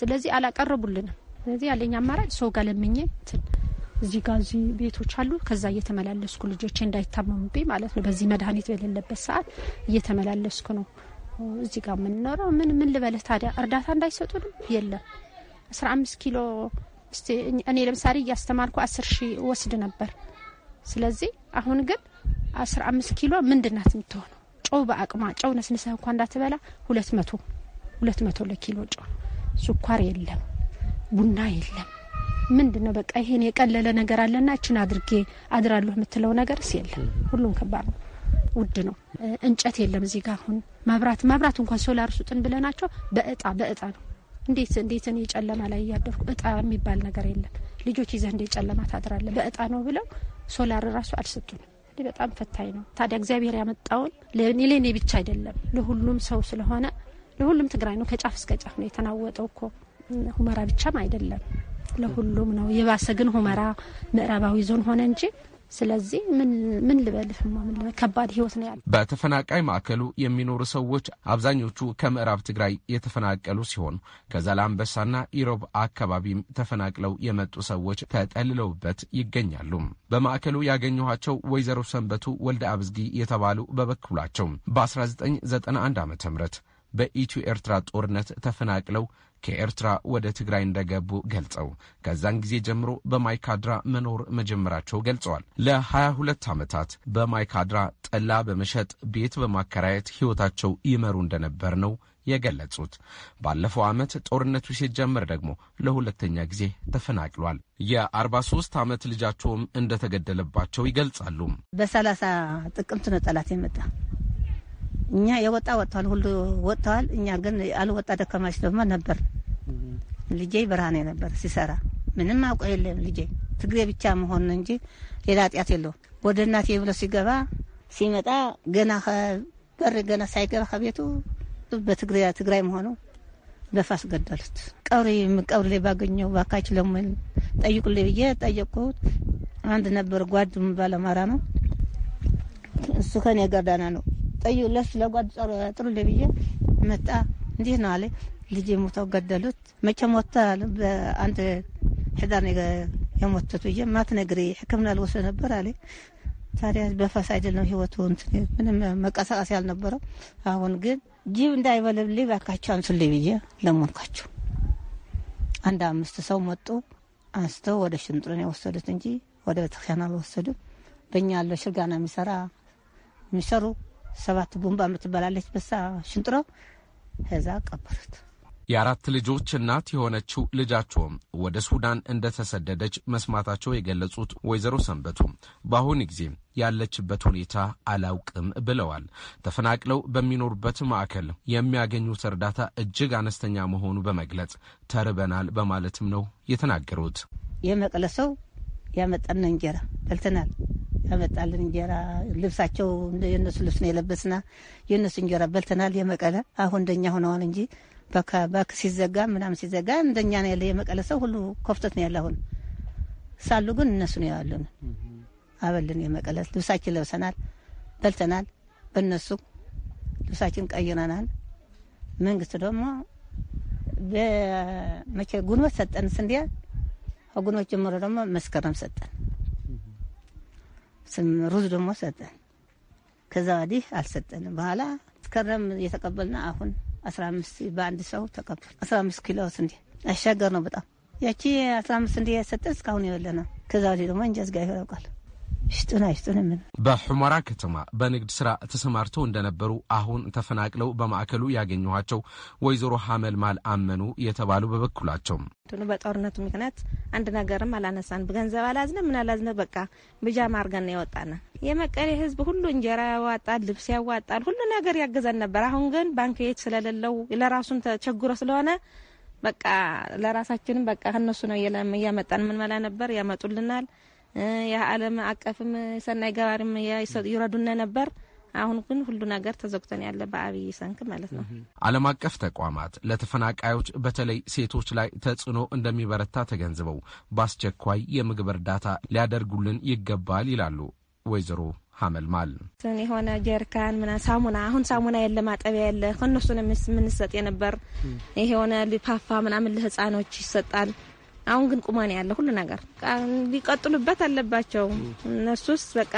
ስለዚህ አላቀረቡልንም። ስለዚህ ያለኝ አማራጭ ሰው ጋር ለምኜ እዚህ ጋር እዚህ ቤቶች አሉ። ከዛ እየተመላለስኩ ልጆቼ እንዳይታመሙብኝ ማለት ነው። በዚህ መድኃኒት በሌለበት ሰዓት እየተመላለስኩ ነው እዚህ ጋር የምንኖረው። ምን ምን ልበልህ ታዲያ እርዳታ እንዳይሰጡንም የለም። አስራ አምስት ኪሎ እኔ ለምሳሌ እያስተማርኩ አስር ሺህ ወስድ ነበር። ስለዚህ አሁን ግን አስራ አምስት ኪሎ ምንድናት የምትሆነው? ጨው በአቅማ ጨው ነስንሰህ እንኳ እንዳትበላ ሁለት መቶ ሁለት መቶ ለኪሎ ጨው ስኳር የለም ቡና የለም። ምንድን ነው በቃ ይሄን የቀለለ ነገር አለና እችን አድርጌ አድራለሁ የምትለው ነገርስ የለም። ሁሉም ከባድ ነው፣ ውድ ነው። እንጨት የለም እዚህ ጋር አሁን መብራት መብራት እንኳን ሶላር ሱጥን ብለናቸው በእጣ በእጣ ነው። እንዴት እንዴት እኔ ጨለማ ላይ እያደርኩ እጣ የሚባል ነገር የለም። ልጆች ይዘህ እንዴት ጨለማ ታድራለ በእጣ ነው ብለው ሶላር ራሱ አልሰጡን። በጣም ፈታኝ ነው። ታዲያ እግዚአብሔር ያመጣውን ለኔ ብቻ አይደለም ለሁሉም ሰው ስለሆነ ለሁሉም ትግራይ ነው። ከጫፍ እስከ ጫፍ ነው የተናወጠው እኮ ሁመራ ብቻም አይደለም ለሁሉም ነው። የባሰ ግን ሁመራ ምዕራባዊ ዞን ሆነ እንጂ ስለዚህ ምን ልበልፍ ከባድ ህይወት ነው ያለ። በተፈናቃይ ማዕከሉ የሚኖሩ ሰዎች አብዛኞቹ ከምዕራብ ትግራይ የተፈናቀሉ ሲሆኑ ከዛላምበሳና ኢሮብ አካባቢም ተፈናቅለው የመጡ ሰዎች ተጠልለውበት ይገኛሉ። በማዕከሉ ያገኘኋቸው ወይዘሮ ሰንበቱ ወልደ አብዝጊ የተባሉ በበኩላቸው በ1991 ዓ ም በኢትዮ ኤርትራ ጦርነት ተፈናቅለው ከኤርትራ ወደ ትግራይ እንደገቡ ገልጸው ከዛን ጊዜ ጀምሮ በማይካድራ መኖር መጀመራቸው ገልጸዋል። ለ22 ዓመታት በማይካድራ ጠላ በመሸጥ ቤት በማከራየት ሕይወታቸው ይመሩ እንደነበር ነው የገለጹት። ባለፈው ዓመት ጦርነቱ ሲጀምር ደግሞ ለሁለተኛ ጊዜ ተፈናቅሏል። የ43 ዓመት ልጃቸውም እንደተገደለባቸው ይገልጻሉ። በ30 ጥቅምት ነው ጠላት የመጣ እኛ የወጣ ወጥተዋል፣ ሁሉ ወጥተዋል። እኛ ግን አልወጣ ደከማች ደግሞ ነበር። ልጄ ብርሃኔ ነበር ሲሰራ ምንም አውቀ የለም ልጄ ትግሬ ብቻ መሆን እንጂ ሌላ ኃጢአት የለው። ወደ እናቴ ብሎ ሲገባ ሲመጣ ገና በር ገና ሳይገባ ከቤቱ በትግራይ መሆኑ በፋስ ገደሉት። ቀብሪ ቀብሪ ላይ ባገኘው ባካች ለምን ጠይቁልኝ ብዬ ጠየቅኩት። አንድ ነበር ጓድ ባለማራ ነው። እሱ ከኔ ጋር ዳና ነው ጠይቅ ለስ ለጓድ ጥሩ ብዬ መጣ። እንዲህ ነው አለ ልጅ ሞተው ገደሉት። መቼ ሞተ? በአንድ ሕዳር የሞተቱ እየ ማት ነግሪ ሕክምና ልወስድ ነበር አለ። ታዲያ በፈስ አይደለም ህይወቱ ምንም መቀሳቀስ ያልነበረው። አሁን ግን ጅብ እንዳይበለብልኝ ባካቸው አንሱልኝ ብዬ ለመንኳቸው። አንድ አምስት ሰው መጡ። አንስተው ወደ ሽንጥሮ የወሰዱት እንጂ ወደ ቤተክርስቲያን አልወሰዱም። በእኛ ያለው ሽርጋና የሚሰራ የሚሰሩ ሰባት ቡምባ የምትበላለች በሳ ሽንጥሮ ከዛ ቀበሩት። የአራት ልጆች እናት የሆነችው ልጃቸውም ወደ ሱዳን እንደተሰደደች መስማታቸው የገለጹት ወይዘሮ ሰንበቱ በአሁኑ ጊዜ ያለችበት ሁኔታ አላውቅም ብለዋል። ተፈናቅለው በሚኖሩበት ማዕከል የሚያገኙት እርዳታ እጅግ አነስተኛ መሆኑ በመግለጽ ተርበናል በማለትም ነው የተናገሩት። የመቀለ ሰው ያመጣና እንጀራ በልተናል ያመጣልን እንጀራ ልብሳቸው የእነሱ ልብስ ነው የለበስና የእነሱ እንጀራ በልተናል። የመቀለ አሁን እንደኛ ሆነዋል እንጂ ባክ ሲዘጋ ምናምን ሲዘጋ እንደኛ ነው ያለ። የመቀለ ሰው ሁሉ ኮፍተት ነው ያለ። አሁን ሳሉ ግን እነሱ ነው ያሉን። አበልን የመቀለ ልብሳችን ለብሰናል፣ በልተናል። በእነሱ ልብሳችን ቀይረናል። መንግስት ደግሞ መቼ ጉንበት ሰጠን ስንዲያ ጉንበት ጀምሮ ደግሞ መስከረም ሰጠን ሩዝ ደግሞ ሰጠን። ከዛ ወዲህ አልሰጠንም። በኋላ ከረም እየተቀበልና አሁን አስራ አምስት በአንድ ሰው ተቀበል አስራ አምስት ኪሎ ስንዴ አሻገር ነው በጣም ያቺ አስራ አምስት ስንዴ ሰጠን እስካሁን የበለ ነው። ከዛ ወዲህ ደግሞ እንጃ ዝጋ ያውቃል። ሽጥን አይሽጥን በሑመራ ከተማ በንግድ ስራ ተሰማርተው እንደነበሩ አሁን ተፈናቅለው በማዕከሉ ያገኘኋቸው ወይዘሮ ሀመል ማል አመኑ የተባሉ በበኩላቸው በጦርነቱ ምክንያት አንድ ነገርም አላነሳን፣ ብገንዘብ አላዝነ ምን አላዝነ በቃ ብጃማ አርገን ያወጣነ። የመቀሌ ህዝብ ሁሉ እንጀራ ያዋጣል፣ ልብስ ያዋጣል፣ ሁሉ ነገር ያገዘን ነበር። አሁን ግን ባንክ ቤት ስለሌለው ለራሱን ተቸግሮ ስለሆነ በቃ ለራሳችንም በቃ ከነሱ ነው እያመጣን ምንመላ ነበር፣ ያመጡልናል የዓለም አቀፍም ሰናይ ገባሪም ይረዱነ ነበር። አሁን ግን ሁሉ ነገር ተዘግቶን ያለ በአብይ ሰንክ ማለት ነው። ዓለም አቀፍ ተቋማት ለተፈናቃዮች በተለይ ሴቶች ላይ ተጽዕኖ እንደሚበረታ ተገንዝበው በአስቸኳይ የምግብ እርዳታ ሊያደርጉልን ይገባል ይላሉ ወይዘሮ ሀመልማል የሆነ ጀርካን ምና ሳሙና አሁን ሳሙና የለ ማጠቢያ የለ ከእነሱን የምንሰጥ የነበር የሆነ ሊፓፋ ምናምን ለህፃኖች ይሰጣል። አሁን ግን ቁማን ያለ ሁሉ ነገር ሊቀጥሉበት አለባቸው። እነሱስ በቃ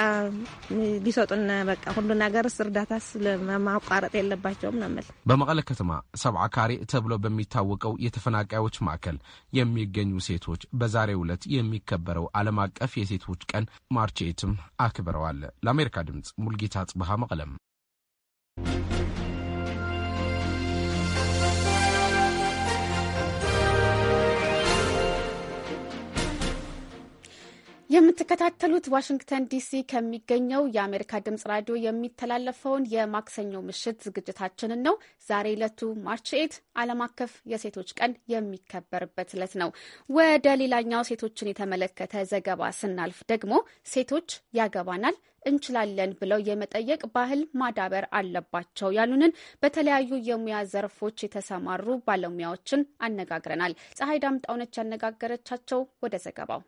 ሊሰጡን በቃ ሁሉ ነገርስ እርዳታስ ለማቋረጥ የለባቸውም ነው የምልህ። በመቀለ ከተማ ሰብዓ ካሬ ተብሎ በሚታወቀው የተፈናቃዮች ማዕከል የሚገኙ ሴቶች በዛሬው ዕለት የሚከበረው ዓለም አቀፍ የሴቶች ቀን ማርቼትም አክብረዋል። ለአሜሪካ ድምፅ ሙልጌታ ጽብሃ መቀለም የምትከታተሉት ዋሽንግተን ዲሲ ከሚገኘው የአሜሪካ ድምጽ ራዲዮ የሚተላለፈውን የማክሰኞ ምሽት ዝግጅታችንን ነው። ዛሬ ዕለቱ ማርች ኤት ዓለም አቀፍ የሴቶች ቀን የሚከበርበት ዕለት ነው። ወደ ሌላኛው ሴቶችን የተመለከተ ዘገባ ስናልፍ ደግሞ ሴቶች ያገባናል እንችላለን ብለው የመጠየቅ ባህል ማዳበር አለባቸው ያሉንን በተለያዩ የሙያ ዘርፎች የተሰማሩ ባለሙያዎችን አነጋግረናል። ፀሐይ ዳምጣውነች ያነጋገረቻቸው ወደ ዘገባው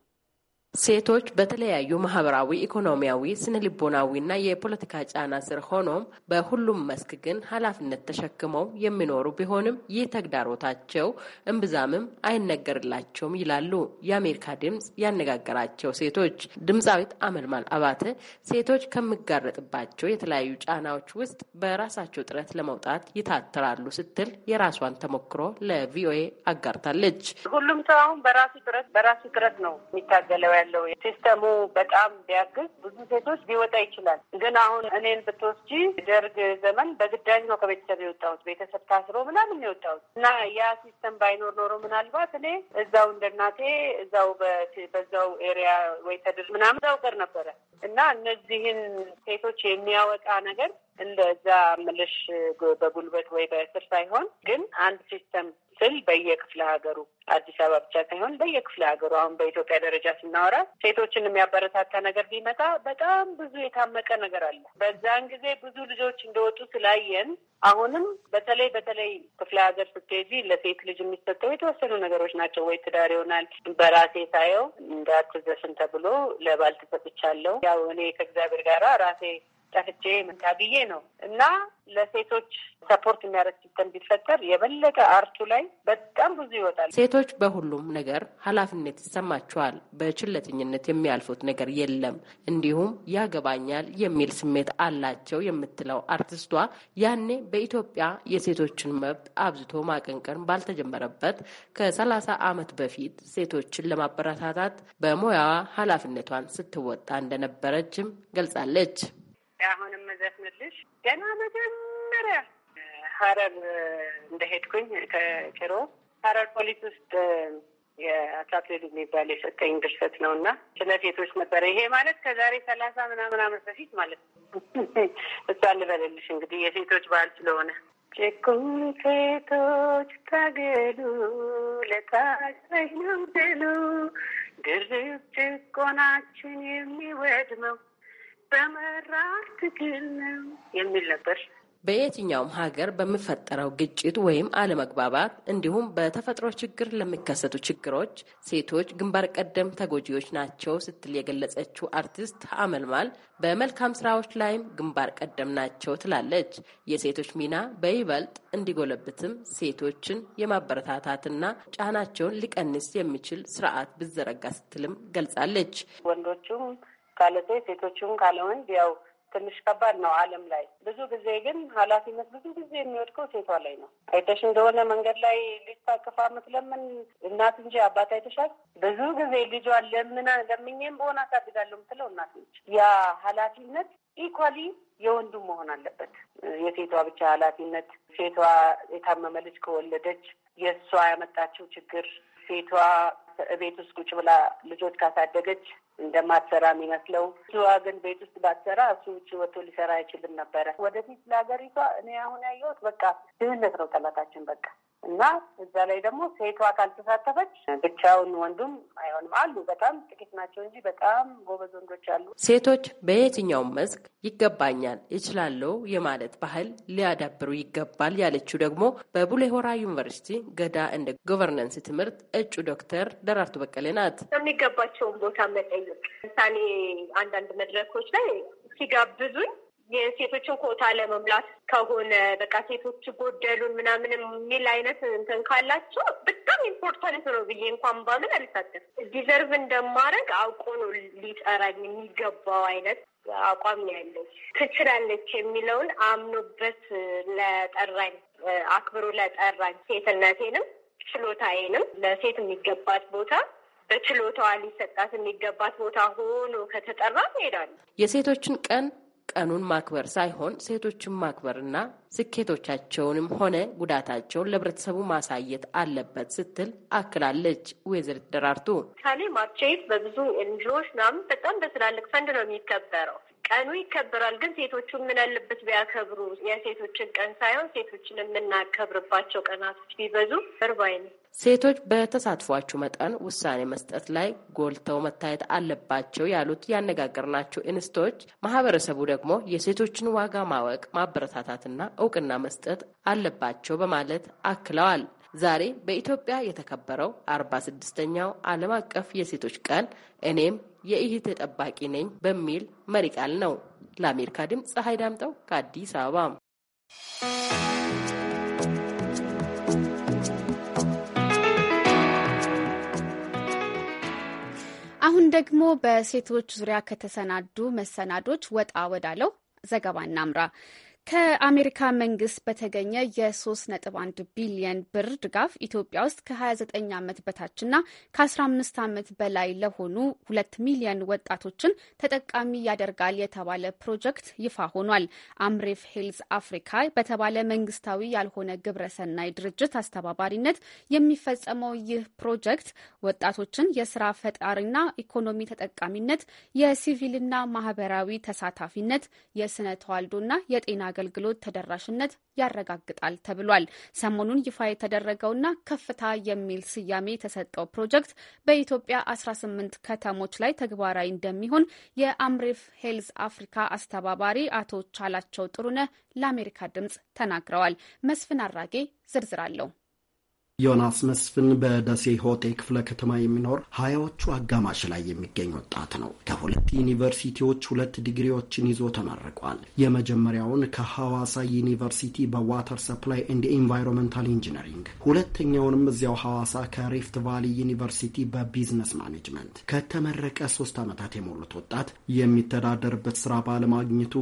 ሴቶች በተለያዩ ማህበራዊ፣ ኢኮኖሚያዊ፣ ስነልቦናዊና የፖለቲካ ጫና ስር ሆኖም በሁሉም መስክ ግን ኃላፊነት ተሸክመው የሚኖሩ ቢሆንም ይህ ተግዳሮታቸው እምብዛምም አይነገርላቸውም ይላሉ የአሜሪካ ድምፅ ያነጋገራቸው ሴቶች። ድምፃዊት አመልማል አባተ ሴቶች ከሚጋረጥባቸው የተለያዩ ጫናዎች ውስጥ በራሳቸው ጥረት ለመውጣት ይታተራሉ ስትል የራሷን ተሞክሮ ለቪኦኤ አጋርታለች። ሁሉም ሰው አሁን በራሱ ጥረት በራሱ ጥረት ነው የሚታገለው ያለው ሲስተሙ በጣም ቢያግዝ ብዙ ሴቶች ሊወጣ ይችላል። ግን አሁን እኔን ብትወስጂ ደርግ ዘመን በግዳጅ ነው ከቤተሰብ የወጣሁት ቤተሰብ ታስሮ ምናምን የወጣሁት እና ያ ሲስተም ባይኖር ኖሮ ምናልባት እኔ እዛው እንደ እናቴ እዛው በዛው ኤሪያ ወይ ተድር ምናምን ዛውቀር ነበረ እና እነዚህን ሴቶች የሚያወጣ ነገር እንደዛ ምልሽ በጉልበት ወይ በእስር ሳይሆን ግን አንድ ሲስተም ስትል በየክፍለ ሀገሩ አዲስ አበባ ብቻ ሳይሆን በየክፍለ ሀገሩ አሁን በኢትዮጵያ ደረጃ ስናወራ ሴቶችን የሚያበረታታ ነገር ቢመጣ በጣም ብዙ የታመቀ ነገር አለ። በዛን ጊዜ ብዙ ልጆች እንደወጡ ስላየን አሁንም በተለይ በተለይ ክፍለ ሀገር ስትሄጂ ለሴት ልጅ የሚሰጠው የተወሰኑ ነገሮች ናቸው። ወይ ትዳር ይሆናል። በራሴ ሳየው እንዳትዘፍን ተብሎ ለባል ትሰጥቻለሁ። ያው እኔ ከእግዚአብሔር ጋራ ራሴ ጠፍቼ ምንታግዬ ነው እና ለሴቶች ሰፖርት የሚያደርግ ሲስተም ቢፈጠር የበለጠ አርቱ ላይ በጣም ብዙ ይወጣል። ሴቶች በሁሉም ነገር ኃላፊነት ይሰማቸዋል። በችለተኝነት የሚያልፉት ነገር የለም። እንዲሁም ያገባኛል የሚል ስሜት አላቸው የምትለው አርቲስቷ ያኔ በኢትዮጵያ የሴቶችን መብት አብዝቶ ማቀንቀን ባልተጀመረበት ከሰላሳ ዓመት በፊት ሴቶችን ለማበረታታት በሙያዋ ኃላፊነቷን ስትወጣ እንደነበረችም ገልጻለች። አሁንም መዘፍንልሽ ገና መጀመሪያ ሀረር እንደሄድኩኝ ከጭሮ ሀረር ፖሊስ ውስጥ የአትሌቱ የሚባል የሰጠኝ ድርሰት ነው እና ስለ ሴቶች ነበረ። ይሄ ማለት ከዛሬ ሰላሳ ምናምን አመት በፊት ማለት ነው። እሷ ልበልልሽ እንግዲህ የሴቶች በዓል ስለሆነ ጭቁን ሴቶች ታገሉ፣ ለታች ነው ገሉ ድርብ ጭቆናችን የሚወድመው የሚል ነበር። በየትኛውም ሀገር በሚፈጠረው ግጭት ወይም አለመግባባት እንዲሁም በተፈጥሮ ችግር ለሚከሰቱ ችግሮች ሴቶች ግንባር ቀደም ተጎጂዎች ናቸው ስትል የገለጸችው አርቲስት አመልማል በመልካም ስራዎች ላይም ግንባር ቀደም ናቸው ትላለች። የሴቶች ሚና በይበልጥ እንዲጎለብትም ሴቶችን የማበረታታትና ጫናቸውን ሊቀንስ የሚችል ስርዓት ብዘረጋ ስትልም ገልጻለች። ወንዶቹም ካለ ሴት ሴቶችም ካለ ወንድ ያው ትንሽ ከባድ ነው ዓለም ላይ ብዙ ጊዜ ግን ኃላፊነት ብዙ ጊዜ የሚወድቀው ሴቷ ላይ ነው። አይተሽ እንደሆነ መንገድ ላይ ልጅ ታቅፋ እናት እንጂ አባት አይተሻል። ብዙ ጊዜ ልጇን ለምና ለምኝም በሆነ አሳድጋለሁ የምትለው እናት ነች። ያ ኃላፊነት ኢኳሊ የወንዱ መሆን አለበት። የሴቷ ብቻ ኃላፊነት ሴቷ የታመመ ልጅ ከወለደች የእሷ ያመጣችው ችግር ሴቷ ቤት ውስጥ ቁጭ ብላ ልጆች ካሳደገች እንደማትሰራ የሚመስለው እሷ ግን ቤት ውስጥ ባትሰራ እሱ ውጭ ወጥቶ ሊሰራ አይችልም ነበረ። ወደፊት ለሀገሪቷ እኔ አሁን ያየሁት በቃ ድህነት ነው ጠላታችን በቃ እና እዛ ላይ ደግሞ ሴቷ ካልተሳተፈች ብቻውን ወንዱም አይሆንም። አሉ በጣም ጥቂት ናቸው እንጂ በጣም ጎበዝ ወንዶች አሉ። ሴቶች በየትኛውም መስክ ይገባኛል፣ ይችላለው የማለት ባህል ሊያዳብሩ ይገባል ያለችው ደግሞ በቡሌሆራ ዩኒቨርሲቲ ገዳ እንደ ጎቨርነንስ ትምህርት እጩ ዶክተር ደራርቱ በቀሌ ናት። የሚገባቸውን ቦታ መጠየቅ፣ ምሳሌ አንዳንድ መድረኮች ላይ ሲጋብዙኝ የሴቶችን ኮታ ለመሙላት ከሆነ በቃ ሴቶች ጎደሉን ምናምን የሚል አይነት እንትን ካላቸው በጣም ኢምፖርታንት ነው ብዬ እንኳን ባምን አልሳተፍም። ዲዘርቭ እንደማድረግ አውቆ ነው ሊጠራኝ የሚገባው አይነት አቋም ነው ያለኝ። ትችላለች የሚለውን አምኖበት ለጠራኝ አክብሮ ለጠራኝ ሴትነቴንም ችሎታዬንም ለሴት የሚገባት ቦታ በችሎታዋ ሊሰጣት የሚገባት ቦታ ሆኖ ከተጠራ ሄዳለሁ። የሴቶችን ቀን ቀኑን ማክበር ሳይሆን ሴቶችን ማክበርና ስኬቶቻቸውንም ሆነ ጉዳታቸውን ለህብረተሰቡ ማሳየት አለበት ስትል አክላለች። ወይዘሪት ደራርቱ ካሌ ማርቼት በብዙ ኤንጂኦዎች ምናምን በጣም በትላልቅ ፈንድ ነው የሚከበረው ቀኑ ይከበራል። ግን ሴቶቹ ምን ያለበት ቢያከብሩ የሴቶችን ቀን ሳይሆን ሴቶችን የምናከብርባቸው ቀናቶች ቢበዙ እርባይ ነው። ሴቶች በተሳትፏችሁ መጠን ውሳኔ መስጠት ላይ ጎልተው መታየት አለባቸው ያሉት ያነጋገርናቸው እንስቶች፣ ማህበረሰቡ ደግሞ የሴቶችን ዋጋ ማወቅ ማበረታታትና እውቅና መስጠት አለባቸው በማለት አክለዋል። ዛሬ በኢትዮጵያ የተከበረው አርባ ስድስተኛው ዓለም አቀፍ የሴቶች ቀን እኔም የኢህ ጠባቂ ነኝ በሚል መሪ ቃል ነው። ለአሜሪካ ድምፅ ፀሐይ ዳምጠው ከአዲስ አበባ። አሁን ደግሞ በሴቶች ዙሪያ ከተሰናዱ መሰናዶች ወጣ ወዳለው ዘገባ እናምራ። ከአሜሪካ መንግስት በተገኘ የ3.1 ቢሊየን ብር ድጋፍ ኢትዮጵያ ውስጥ ከ29 ዓመት በታችና ከ15 ዓመት በላይ ለሆኑ 2 ሚሊየን ወጣቶችን ተጠቃሚ ያደርጋል የተባለ ፕሮጀክት ይፋ ሆኗል። አምሬፍ ሄልዝ አፍሪካ በተባለ መንግስታዊ ያልሆነ ግብረሰናይ ድርጅት አስተባባሪነት የሚፈጸመው ይህ ፕሮጀክት ወጣቶችን የስራ ፈጣሪና ኢኮኖሚ ተጠቃሚነት፣ የሲቪልና ማህበራዊ ተሳታፊነት፣ የስነ ተዋልዶና የጤና አገልግሎት ተደራሽነት ያረጋግጣል ተብሏል። ሰሞኑን ይፋ የተደረገውና ከፍታ የሚል ስያሜ የተሰጠው ፕሮጀክት በኢትዮጵያ 18 ከተሞች ላይ ተግባራዊ እንደሚሆን የአምሬፍ ሄልዝ አፍሪካ አስተባባሪ አቶ ቻላቸው ጥሩነ ለአሜሪካ ድምጽ ተናግረዋል። መስፍን አራጌ ዝርዝር አለው። ዮናስ መስፍን በደሴ ሆቴ ክፍለ ከተማ የሚኖር ሀያዎቹ አጋማሽ ላይ የሚገኝ ወጣት ነው። ከሁለት ዩኒቨርሲቲዎች ሁለት ዲግሪዎችን ይዞ ተመርቋል። የመጀመሪያውን ከሐዋሳ ዩኒቨርሲቲ በዋተር ሰፕላይ ኤንድ ኤንቫይሮንመንታል ኢንጂነሪንግ፣ ሁለተኛውንም እዚያው ሐዋሳ ከሪፍት ቫሊ ዩኒቨርሲቲ በቢዝነስ ማኔጅመንት። ከተመረቀ ሶስት ዓመታት የሞሉት ወጣት የሚተዳደርበት ስራ ባለማግኘቱ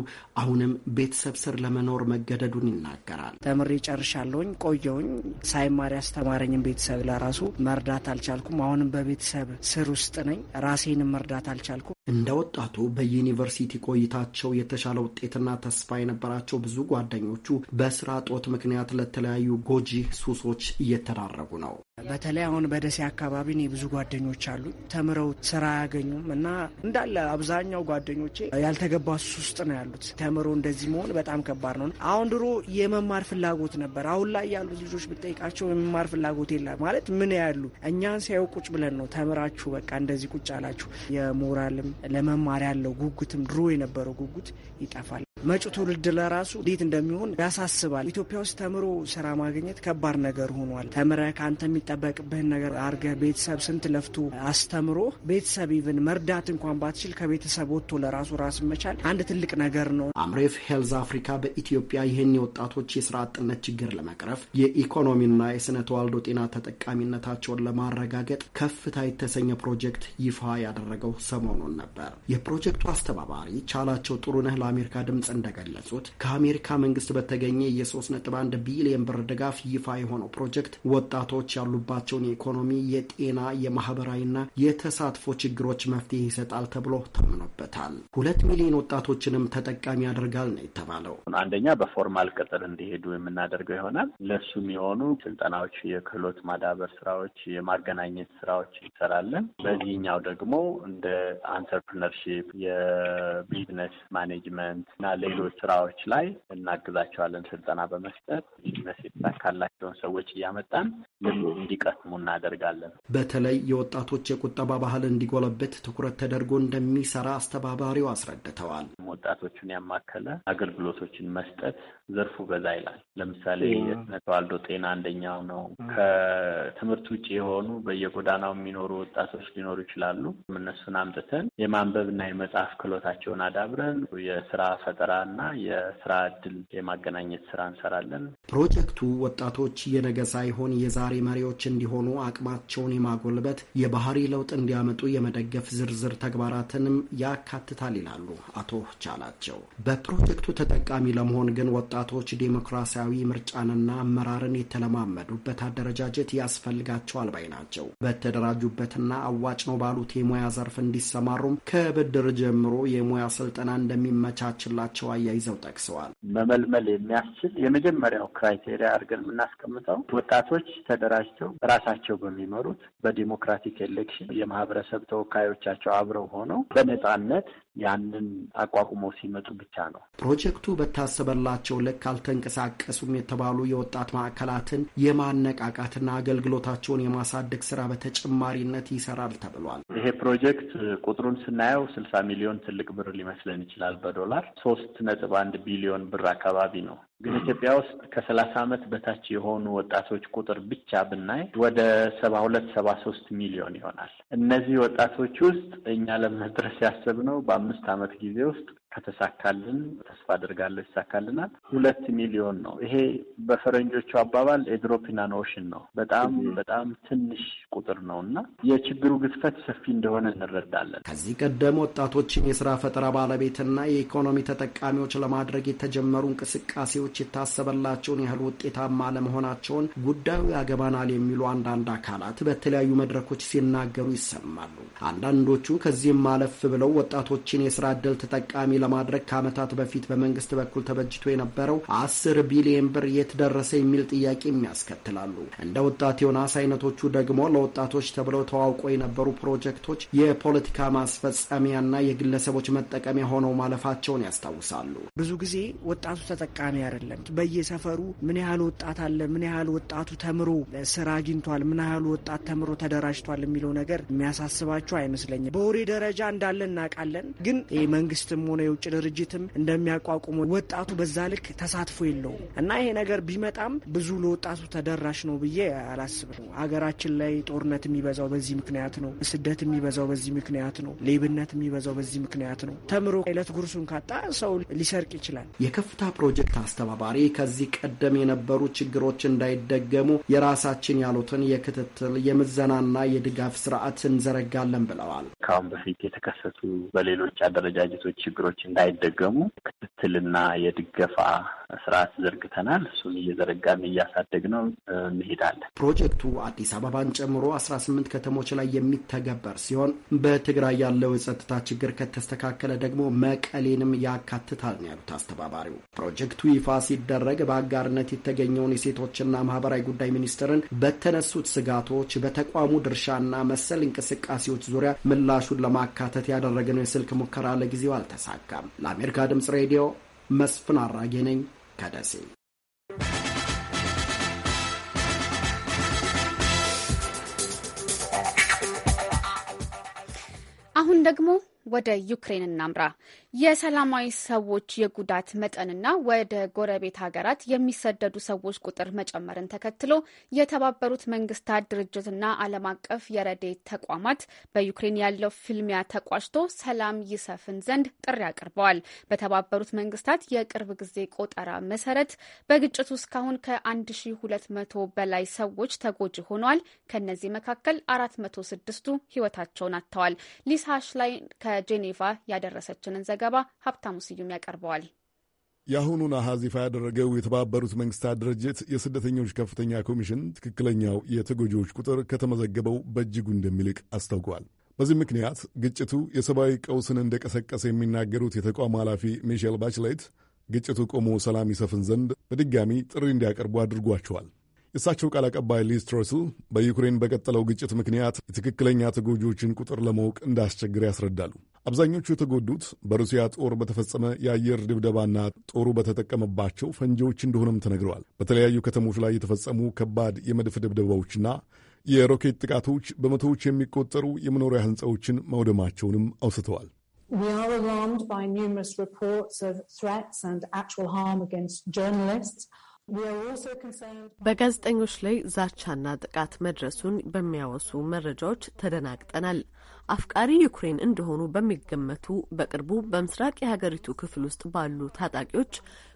አሁንም ቤተሰብ ስር ለመኖር መገደዱን ይናገራል። ተምሬ ጨርሻለሁኝ ቆየውኝ ሳይማር ያስተ ያስተማረኝም ቤተሰብ ለራሱ መርዳት አልቻልኩም። አሁንም በቤተሰብ ስር ውስጥ ነኝ። ራሴንም መርዳት አልቻልኩም። እንደ ወጣቱ በዩኒቨርሲቲ ቆይታቸው የተሻለ ውጤትና ተስፋ የነበራቸው ብዙ ጓደኞቹ በስራ ጦት ምክንያት ለተለያዩ ጎጂ ሱሶች እየተዳረጉ ነው። በተለይ አሁን በደሴ አካባቢ እኔ ብዙ ጓደኞች አሉ። ተምረው ስራ አያገኙም እና እንዳለ አብዛኛው ጓደኞቼ ያልተገባ ሱስ ውስጥ ነው ያሉት። ተምሮ እንደዚህ መሆን በጣም ከባድ ነው። አሁን ድሮ የመማር ፍላጎት ነበር። አሁን ላይ ያሉት ልጆች ብጠይቃቸው የመማር ፍላጎት የለም ማለት ምን ያሉ እኛን ሲያዩ ቁጭ ብለን ነው ተምራችሁ በቃ እንደዚህ ቁጭ አላችሁ የሞራልም ለመማር ያለው ጉጉትም ድሮ የነበረው ጉጉት ይጠፋል። መጪው ትውልድ ለራሱ እንዴት እንደሚሆን ያሳስባል። ኢትዮጵያ ውስጥ ተምሮ ስራ ማግኘት ከባድ ነገር ሆኗል። ተምረ ከአንተ የሚጠበቅብህን ነገር አርገ ቤተሰብ ስንት ለፍቶ አስተምሮ ቤተሰብ ይብን መርዳት እንኳን ባትችል ከቤተሰብ ወጥቶ ለራሱ ራስ መቻል አንድ ትልቅ ነገር ነው። አምሬፍ ሄልዝ አፍሪካ በኢትዮጵያ ይህን የወጣቶች የስራ አጥነት ችግር ለመቅረፍ የኢኮኖሚና የስነ ተዋልዶ ጤና ተጠቃሚነታቸውን ለማረጋገጥ ከፍታ የተሰኘ ፕሮጀክት ይፋ ያደረገው ሰሞኑን ነበር። ነበር። የፕሮጀክቱ አስተባባሪ ቻላቸው ጥሩነህ ለአሜሪካ ድምፅ እንደገለጹት ከአሜሪካ መንግስት በተገኘ የ3.1 ቢሊየን ብር ድጋፍ ይፋ የሆነው ፕሮጀክት ወጣቶች ያሉባቸውን የኢኮኖሚ፣ የጤና፣ የማህበራዊና የተሳትፎ ችግሮች መፍትሄ ይሰጣል ተብሎ ታምኖበታል። ሁለት ሚሊዮን ወጣቶችንም ተጠቃሚ ያደርጋል ነው የተባለው። አንደኛ በፎርማል ቅጥር እንዲሄዱ የምናደርገው ይሆናል። ለሱ የሚሆኑ ስልጠናዎች፣ የክህሎት ማዳበር ስራዎች፣ የማገናኘት ስራዎች እንሰራለን። በዚህኛው ደግሞ እንደ አንተ ኢንተርፕርነርሺፕ፣ የቢዝነስ ማኔጅመንት እና ሌሎች ስራዎች ላይ እናግዛቸዋለን። ስልጠና በመስጠት ቢዝነስ የተሳካላቸውን ሰዎች እያመጣን ልምድ እንዲቀስሙ እናደርጋለን። በተለይ የወጣቶች የቁጠባ ባህል እንዲጎለብት ትኩረት ተደርጎ እንደሚሰራ አስተባባሪው አስረድተዋል። ወጣቶቹን ያማከለ አገልግሎቶችን መስጠት ዘርፉ በዛ ይላል። ለምሳሌ የስነ ተዋልዶ ጤና አንደኛው ነው። ከትምህርት ውጭ የሆኑ በየጎዳናው የሚኖሩ ወጣቶች ሊኖሩ ይችላሉ። እነሱን አምጥተን የማንበብና የመጻፍ ክህሎታቸውን አዳብረን የስራ ፈጠራና የስራ እድል የማገናኘት ስራ እንሰራለን። ፕሮጀክቱ ወጣቶች የነገ ሳይሆን የዛሬ መሪዎች እንዲሆኑ አቅማቸውን የማጎልበት የባህሪ ለውጥ እንዲያመጡ የመደገፍ ዝርዝር ተግባራትንም ያካትታል ይላሉ አቶ ቻላቸው። በፕሮጀክቱ ተጠቃሚ ለመሆን ግን ወጣቶች ዴሞክራሲያዊ ምርጫንና አመራርን የተለማመዱበት አደረጃጀት ያስፈልጋቸዋል ባይ ናቸው። በተደራጁበትና አዋጭ ነው ባሉት የሙያ ዘርፍ እንዲሰማሩ እንዲማሩም ከብድር ጀምሮ የሙያ ስልጠና እንደሚመቻችላቸው አያይዘው ጠቅሰዋል። መመልመል የሚያስችል የመጀመሪያው ክራይቴሪያ አድርገን የምናስቀምጠው ወጣቶች ተደራጅተው ራሳቸው በሚመሩት በዲሞክራቲክ ኤሌክሽን የማህበረሰብ ተወካዮቻቸው አብረው ሆነው በነጻነት ያንን አቋቁመው ሲመጡ ብቻ ነው። ፕሮጀክቱ በታሰበላቸው ልክ አልተንቀሳቀሱም የተባሉ የወጣት ማዕከላትን የማነቃቃትና አገልግሎታቸውን የማሳደግ ስራ በተጨማሪነት ይሰራል ተብሏል። ይሄ ፕሮጀክት ቁጥሩን ስናየው ስልሳ ሚሊዮን ትልቅ ብር ሊመስለን ይችላል። በዶላር ሶስት ነጥብ አንድ ቢሊዮን ብር አካባቢ ነው ግን ኢትዮጵያ ውስጥ ከሰላሳ ዓመት በታች የሆኑ ወጣቶች ቁጥር ብቻ ብናይ ወደ ሰባ ሁለት ሰባ ሶስት ሚሊዮን ይሆናል። እነዚህ ወጣቶች ውስጥ እኛ ለመድረስ ያሰብነው በአምስት ዓመት ጊዜ ውስጥ ከተሳካልን ተስፋ አድርጋለሁ ይሳካልናል። ሁለት ሚሊዮን ነው። ይሄ በፈረንጆቹ አባባል ኤድሮፒናን ኦሽን ነው። በጣም በጣም ትንሽ ቁጥር ነው እና የችግሩ ግዝፈት ሰፊ እንደሆነ እንረዳለን። ከዚህ ቀደም ወጣቶችን የስራ ፈጠራ ባለቤትና የኢኮኖሚ ተጠቃሚዎች ለማድረግ የተጀመሩ እንቅስቃሴዎች የታሰበላቸውን ያህል ውጤታማ ለመሆናቸውን ጉዳዩ ያገባናል የሚሉ አንዳንድ አካላት በተለያዩ መድረኮች ሲናገሩ ይሰማሉ። አንዳንዶቹ ከዚህም አለፍ ብለው ወጣቶችን የስራ እድል ተጠቃሚ ለማድረግ ከዓመታት በፊት በመንግስት በኩል ተበጅቶ የነበረው አስር ቢሊየን ብር የት ደረሰ የሚል ጥያቄ የሚያስከትላሉ። እንደ ወጣት ዮናስ አይነቶቹ ደግሞ ለወጣቶች ተብለው ተዋውቆ የነበሩ ፕሮጀክቶች የፖለቲካ ማስፈጸሚያና የግለሰቦች መጠቀሚያ ሆነው ማለፋቸውን ያስታውሳሉ። ብዙ ጊዜ ወጣቱ ተጠቃሚ አይደለም። በየሰፈሩ ምን ያህል ወጣት አለ፣ ምን ያህል ወጣቱ ተምሮ ስራ አግኝቷል፣ ምን ያህል ወጣት ተምሮ ተደራጅቷል የሚለው ነገር የሚያሳስባቸው አይመስለኝም። በወሬ ደረጃ እንዳለ እናውቃለን፣ ግን መንግስትም ሆነ የውጭ ድርጅትም እንደሚያቋቁሙ ወጣቱ በዛ ልክ ተሳትፎ የለውም እና ይሄ ነገር ቢመጣም ብዙ ለወጣቱ ተደራሽ ነው ብዬ አላስብም። ሀገራችን ላይ ጦርነት የሚበዛው በዚህ ምክንያት ነው። ስደት የሚበዛው በዚህ ምክንያት ነው። ሌብነት የሚበዛው በዚህ ምክንያት ነው። ተምሮ ዕለት ጉርሱን ካጣ ሰው ሊሰርቅ ይችላል። የከፍታ ፕሮጀክት አስተባባሪ ከዚህ ቀደም የነበሩ ችግሮች እንዳይደገሙ የራሳችን ያሉትን የክትትል የምዘናና የድጋፍ ስርዓት እንዘረጋለን ብለዋል። ከአሁን በፊት የተከሰቱ በሌሎች አደረጃጀቶች ችግሮች ድርጊቶች እንዳይደገሙ ክትትልና የድገፋ ስርዓት ዘርግተናል። እሱን እየዘረጋን እያሳደግ ነው እንሄዳለን። ፕሮጀክቱ አዲስ አበባን ጨምሮ አስራ ስምንት ከተሞች ላይ የሚተገበር ሲሆን በትግራይ ያለው የጸጥታ ችግር ከተስተካከለ ደግሞ መቀሌንም ያካትታል ነው ያሉት አስተባባሪው። ፕሮጀክቱ ይፋ ሲደረግ በአጋርነት የተገኘውን የሴቶችና ማህበራዊ ጉዳይ ሚኒስቴርን በተነሱት ስጋቶች በተቋሙ ድርሻና መሰል እንቅስቃሴዎች ዙሪያ ምላሹን ለማካተት ያደረግነው የስልክ ሙከራ ለጊዜው አልተሳካ አይሳካም። ለአሜሪካ ድምፅ ሬዲዮ መስፍን አራጌ ነኝ ከደሴ። አሁን ደግሞ ወደ ዩክሬን እናምራ። የሰላማዊ ሰዎች የጉዳት መጠንና ወደ ጎረቤት ሀገራት የሚሰደዱ ሰዎች ቁጥር መጨመርን ተከትሎ የተባበሩት መንግስታት ድርጅትና ዓለም አቀፍ የረድኤት ተቋማት በዩክሬን ያለው ፍልሚያ ተቋጭቶ ሰላም ይሰፍን ዘንድ ጥሪ አቅርበዋል። በተባበሩት መንግስታት የቅርብ ጊዜ ቆጠራ መሰረት በግጭቱ እስካሁን ከ1200 በላይ ሰዎች ተጎጂ ሆነዋል። ከእነዚህ መካከል 406ቱ ህይወታቸውን አጥተዋል። ሊሳሽ ላይ ከጄኔቫ ያደረሰችንን ዘገባ ሀብታሙ ስዩም ያቀርበዋል። የአሁኑን አሃዝ ይፋ ያደረገው የተባበሩት መንግስታት ድርጅት የስደተኞች ከፍተኛ ኮሚሽን ትክክለኛው የተጎጂዎች ቁጥር ከተመዘገበው በእጅጉ እንደሚልቅ አስታውቋል። በዚህ ምክንያት ግጭቱ የሰብአዊ ቀውስን እንደቀሰቀሰ የሚናገሩት የተቋሙ ኃላፊ ሚሼል ባችሌት ግጭቱ ቆሞ ሰላም ይሰፍን ዘንድ በድጋሚ ጥሪ እንዲያቀርቡ አድርጓቸዋል። የእሳቸው ቃል አቀባይ ሊዝ ትሮስል በዩክሬን በቀጠለው ግጭት ምክንያት የትክክለኛ ተጎጂዎችን ቁጥር ለማወቅ እንዳስቸግር ያስረዳሉ። አብዛኞቹ የተጎዱት በሩሲያ ጦር በተፈጸመ የአየር ድብደባና ጦሩ በተጠቀመባቸው ፈንጂዎች እንደሆነም ተነግረዋል። በተለያዩ ከተሞች ላይ የተፈጸሙ ከባድ የመድፍ ድብደባዎችና የሮኬት ጥቃቶች በመቶዎች የሚቆጠሩ የመኖሪያ ሕንፃዎችን መውደማቸውንም አውስተዋል። በጋዜጠኞች ላይ ዛቻና ጥቃት መድረሱን በሚያወሱ መረጃዎች ተደናግጠናል። አፍቃሪ ዩክሬን እንደሆኑ በሚገመቱ በቅርቡ በምስራቅ የሀገሪቱ ክፍል ውስጥ ባሉ ታጣቂዎች